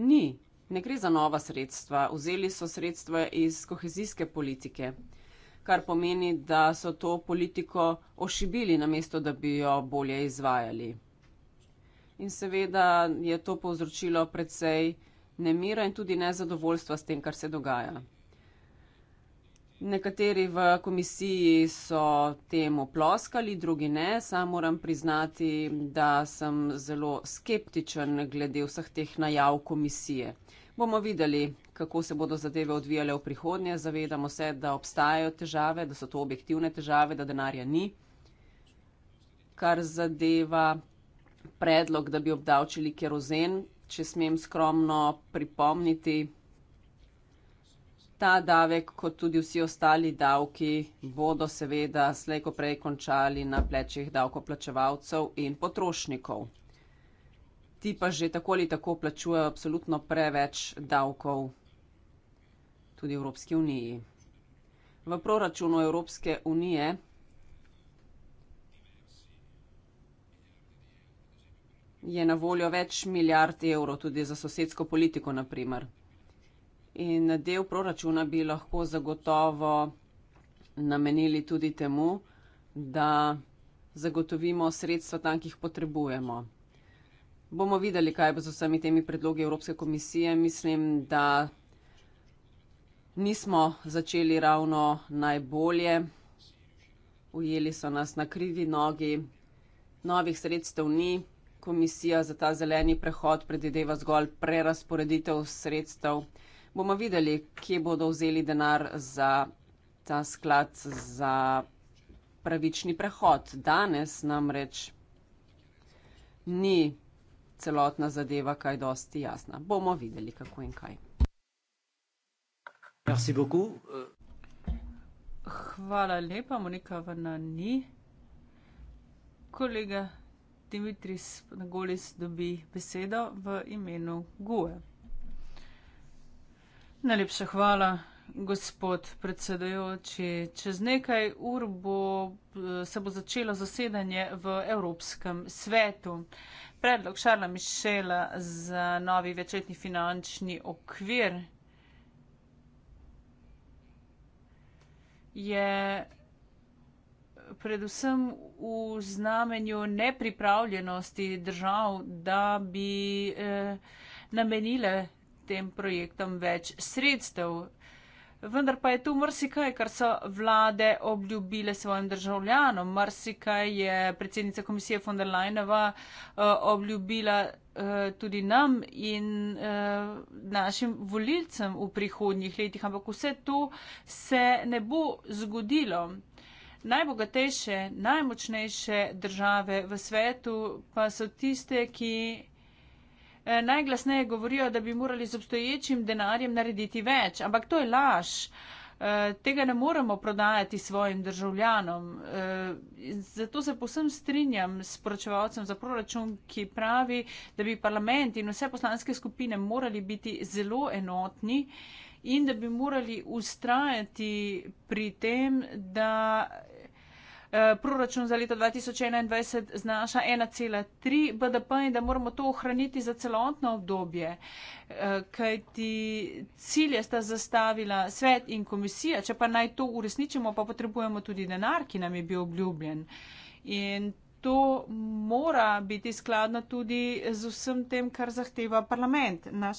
Ni, ne gre za nova sredstva. Vzeli so sredstva iz kohezijske politike, kar pomeni, da so to politiko ošibili, namesto da bi jo bolje izvajali. In seveda je to povzročilo precej nemira in tudi nezadovoljstva s tem, kar se dogaja. Mhm. Nekateri v komisiji so temu ploskali, drugi ne. Sam moram priznati, da sem zelo skeptičen glede vseh teh najav komisije. Bomo videli, kako se bodo zadeve odvijale v prihodnje. Zavedamo se, da obstajajo težave, da so to objektivne težave, da denarja ni. Kar zadeva predlog, da bi obdavčili kerozen, če smem skromno pripomniti, ta davek, kot tudi vsi ostali davki, bodo seveda slejko prej končali na plečih davkoplačevalcev in potrošnikov. Ti pa že tako ali tako plačujejo absolutno preveč davkov tudi v Evropski uniji. V proračunu Evropske unije je na voljo več milijard evrov tudi za sosedsko politiko, naprimer. In del proračuna bi lahko zagotovo namenili tudi temu, da zagotovimo sredstva tam, ki jih potrebujemo. Bomo videli, kaj bo z vsemi temi predlogi Evropske komisije. Mislim, da nismo začeli ravno najbolje. Ujeli so nas na krivi nogi. Novih sredstev ni. Komisija za ta zeleni prehod predvideva zgolj prerasporeditev sredstev bomo videli, kje bodo vzeli denar za ta sklad za pravični prehod. Danes namreč ni celotna zadeva kaj dosti jasna. Bomo videli, kako in kaj. Hvala lepa, Monika Vrnani. Kolega Dimitris Nagolis dobi besedo v imenu GUE. Najlepša hvala, gospod predsedujoči. Čez nekaj ur bo, eh, se bo začelo zasedanje v Evropskem svetu. Predlog Šarla Mišela za novi večletni finančni okvir je predvsem v znamenju nepripravljenosti držav, da bi eh, namenile tem projektom več sredstev. Vendar pa je tu marsikaj, kar so vlade obljubile svojim državljanom. Marsikaj je predsednica komisije von der Leinova eh, obljubila eh, tudi nam in eh, našim volilcem v prihodnjih letih, ampak vse to se ne bo zgodilo. Najbogatejše, najmočnejše države v svetu pa so tiste, ki Eh, najglasneje govorijo, da bi morali z obstoječim denarjem narediti več, ampak to je laž. Eh, tega ne moremo prodajati svojim državljanom. Eh, zato se posem strinjam s poročevalcem za proračun, ki pravi, da bi parlament in vse poslanske skupine morali biti zelo enotni in da bi morali ustrajati pri tem, da Eh, proračun za leto 2021 znaša 1,3 BDP in da moramo to ohraniti za celotno obdobje, eh, kaj ti cilje sta zastavila svet in komisija, če pa naj to uresničimo, pa potrebujemo tudi denar, ki nam je bil obljubljen. In To mora biti skladno tudi z vsem tem, kar zahteva parlament. Naš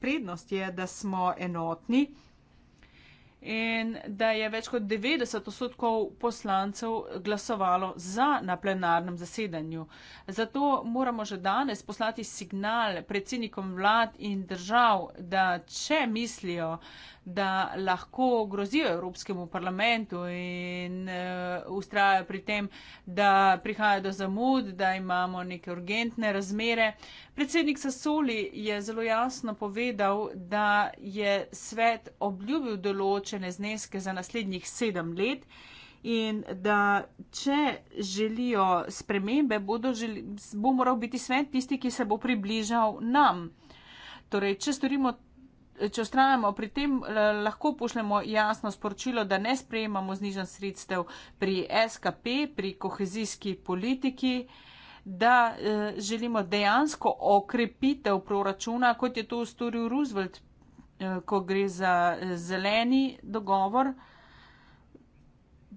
prednost je, da smo enotni in da je več kot 90 odstotkov poslancev glasovalo za na plenarnem zasedanju. Zato moramo že danes poslati signal predsednikom vlad in držav, da če mislijo, da lahko grozijo Evropskemu parlamentu in uh, ustrajajo pri tem, da prihaja do zamud, da imamo neke urgentne razmere. Predsednik Sasoli je zelo jasno povedal, da je svet obljubil določene zneske za naslednjih sedem let. In da če želijo spremembe, želi, bo moral biti svet tisti, ki se bo približal nam. Torej, če storimo če ustrajamo pri tem, lahko pošljemo jasno sporočilo, da ne sprejemamo znižen sredstev pri SKP, pri kohezijski politiki, da eh, želimo dejansko okrepitev proračuna, kot je to ustoril Roosevelt, eh, ko gre za eh, zeleni dogovor,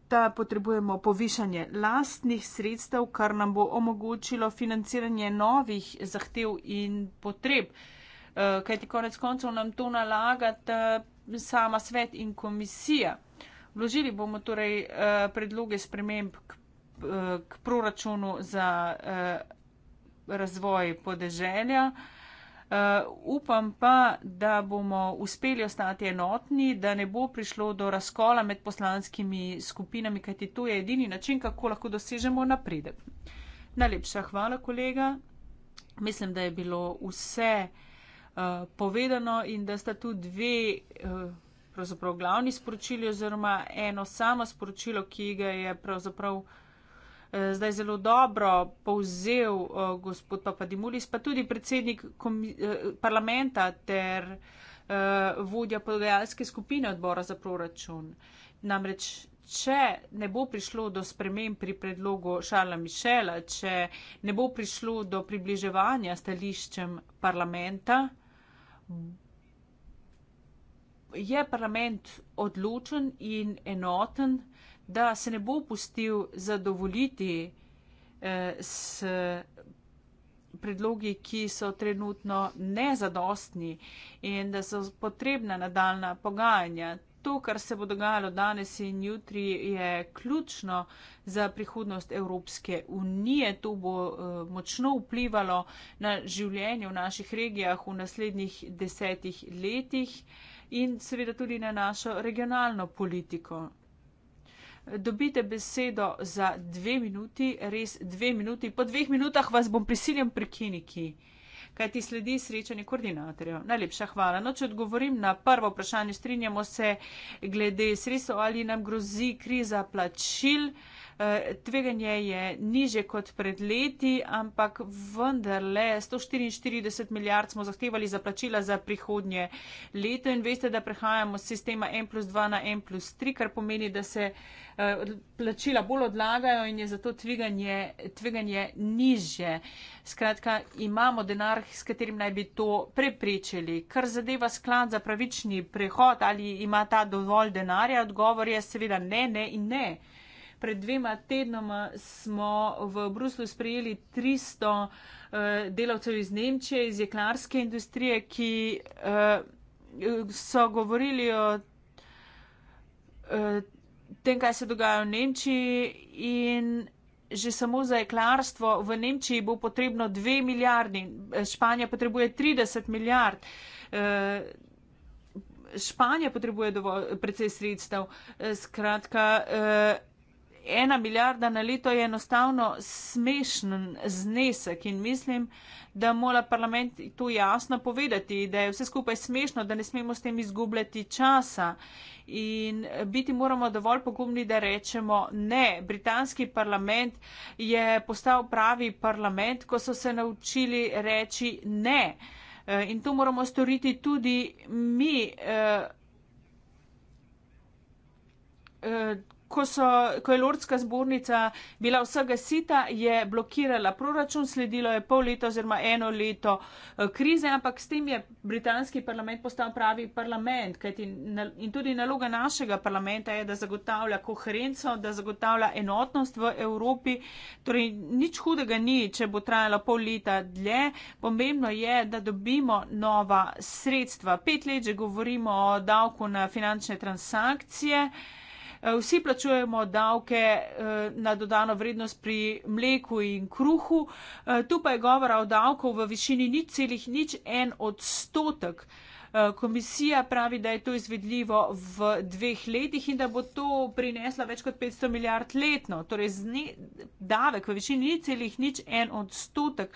da potrebujemo povišanje lastnih sredstev, kar nam bo omogočilo financiranje novih zahtev in potreb. Eh, Eh, kajti konec koncev nam to nalagata eh, sama svet in komisija. Vložili bomo torej eh, predloge sprememb k, k proračunu za razvoj podeželja. Uh, upam pa, da bomo uspeli ostati enotni, da ne bo prišlo do razkola med poslanskimi skupinami, kajti to je edini način, kako lahko dosežemo napredek. Najlepša hvala, kolega. Mislim, da je bilo vse. Eh, povedano in da sta tu dve eh, pravzaprav glavni sporočili oziroma eno samo sporočilo, ki ga je pravzaprav eh, zdaj zelo dobro povzel gospod Papadimulis, pa tudi predsednik parlamenta ter vodja podajalske skupine odbora za proračun. Namreč, če ne bo prišlo do sprememb pri predlogu Šala Mišela, če ne bo prišlo do približevanja stališčem parlamenta, Je parlament odločen in enoten, da se ne bo pustil zadovoljiti eh, s predlogi, ki so trenutno nezadostni in da so potrebna nadaljna pogajanja to, kar se bo dogajalo danes in jutri, je ključno za prihodnost Evropske unije. To bo uh, močno vplivalo na življenje v naših regijah v naslednjih desetih letih in seveda tudi na našo regionalno politiko. Dobite besedo za dve minuti, res dve minuti. Po dveh minutah vas bom prisiljen prekiniti kaj ti sledi srečanje koordinatorjev. Najlepša hvala. No, če odgovorim na prvo vprašanje, strinjamo se glede sredstva ali nam grozi kriza plačil. Eh, tveganje je niže kot pred leti, ampak vendarle 144 milijard smo zahtevali za plačila za prihodnje leto in veste, da prehajamo z sistema M plus 2 na M plus 3, kar pomeni, da se eh, plačila bolj odlagajo in je zato tveganje, tveganje niže. Skratka, imamo denar, s katerim naj bi to preprečili. Kar zadeva sklad za pravični prehod, ali ima ta dovolj denarja, odgovor je seveda ne, ne in ne. Pred dvema tednoma smo v Bruslu sprejeli 300 eh, delavcev iz Nemčije, iz jeklarske industrije, ki eh, so govorili o eh, tem, kaj se dogaja v Nemčiji in že samo za jeklarstvo v Nemčiji bo potrebno 2 milijardi, Španija potrebuje 30 milijard. Španija potrebuje dovolj, predvsej sredstev. Skratka, ena milijarda na leto je enostavno smešen znesek in mislim, da mora parlament to jasno povedati, da je vse skupaj smešno, da ne smemo s tem izgubljati časa in biti moramo dovolj pogumni, da rečemo ne. Britanski parlament je postal pravi parlament, ko so se naučili reči ne. Eh, in to moramo storiti tudi mi. Eh, eh, ko, so, ko je Lordska zbornica bila vsega sita, je blokirala proračun, sledilo je pol leta oziroma eno leto eh, krize, ampak s tem je britanski parlament postal pravi parlament. Kajti, in tudi naloga našega parlamenta je, da zagotavlja koherenco, da zagotavlja enotnost v Evropi. Torej, nič hudega ni, če bo trajalo pol leta dlje. Pomembno je, da dobimo nova sredstva. Pet let že govorimo o davku na finančne transakcije. Eh, vsi plačujemo davke eh, na dodano vrednost pri mleku in kruhu. Eh, tu pa je govora o davkov v višini nič celih nič en odstotek. Komisija pravi, da je to izvedljivo v dveh letih in da bo to prineslo več kot 500 milijard letno. Torej, zne, davek v višini ni celih nič en odstotek,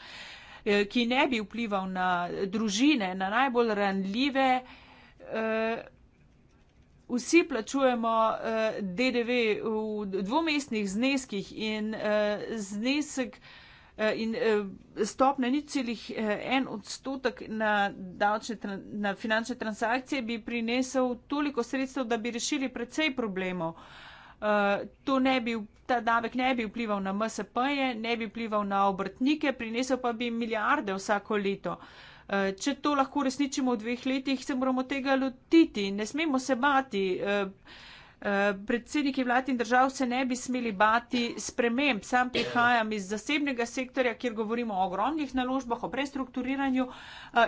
ki ne bi vplival na družine, na najbolj ranljive. Eh, vsi plačujemo uh, eh, DDV v dvomestnih zneskih in uh, znesek eh, In stopne ni celih en odstotek na, davčne, na finančne transakcije bi prinesel toliko sredstev, da bi rešili precej problemov. To ne bi, ta davek ne bi vplival na MSP-je, ne bi vplival na obrtnike, prinesel pa bi milijarde vsako leto. Uh, Eh, če to lahko resničimo v dveh letih, se moramo tega lotiti, ne smemo se bati. Eh, eh, predsedniki vlad in držav se ne bi smeli bati sprememb. Sam prihajam iz zasebnega sektorja, kjer govorimo o ogromnih naložbah, o prestrukturiranju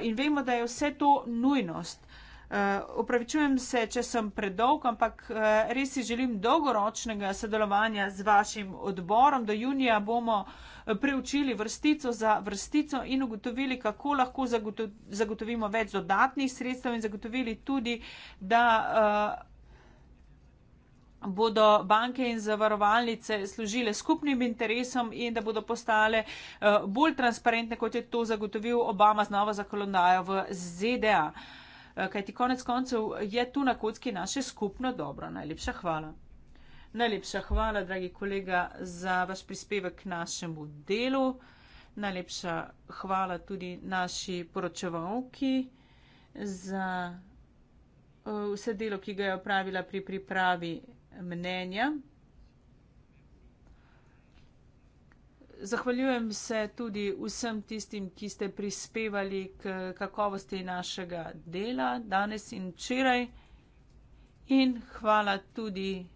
in vemo, da je vse to nujnost. Upravičujem eh, se, če sem predolg, ampak eh, res si želim dolgoročnega sodelovanja z vašim odborom. Do junija bomo eh, preučili vrstico za vrstico in ugotovili, kako lahko zagotovimo več dodatnih sredstev in zagotovili tudi, da bodo banke in zavarovalnice služile skupnim interesom in da bodo postale bolj transparentne, kot je to zagotovil Obama z novo zakonodajo v ZDA. Eh, kajti konec koncev je tu na kocki naše skupno dobro. Najlepša hvala. Najlepša hvala, dragi kolega, za vaš prispevek k našemu delu. Najlepša hvala tudi naši poročevalki za eh, vse delo, ki ga je opravila pri pripravi mnenja. Zahvaljujem se tudi vsem tistim, ki ste prispevali k kakovosti našega dela danes in včeraj. In hvala tudi uh,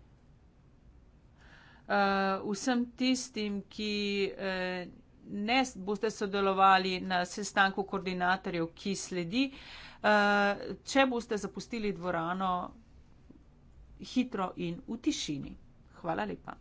vsem tistim, ki uh, ne boste sodelovali na sestanku koordinatorjev, ki sledi. Uh, če boste zapustili dvorano hitro in v tišini. Hvala lepa.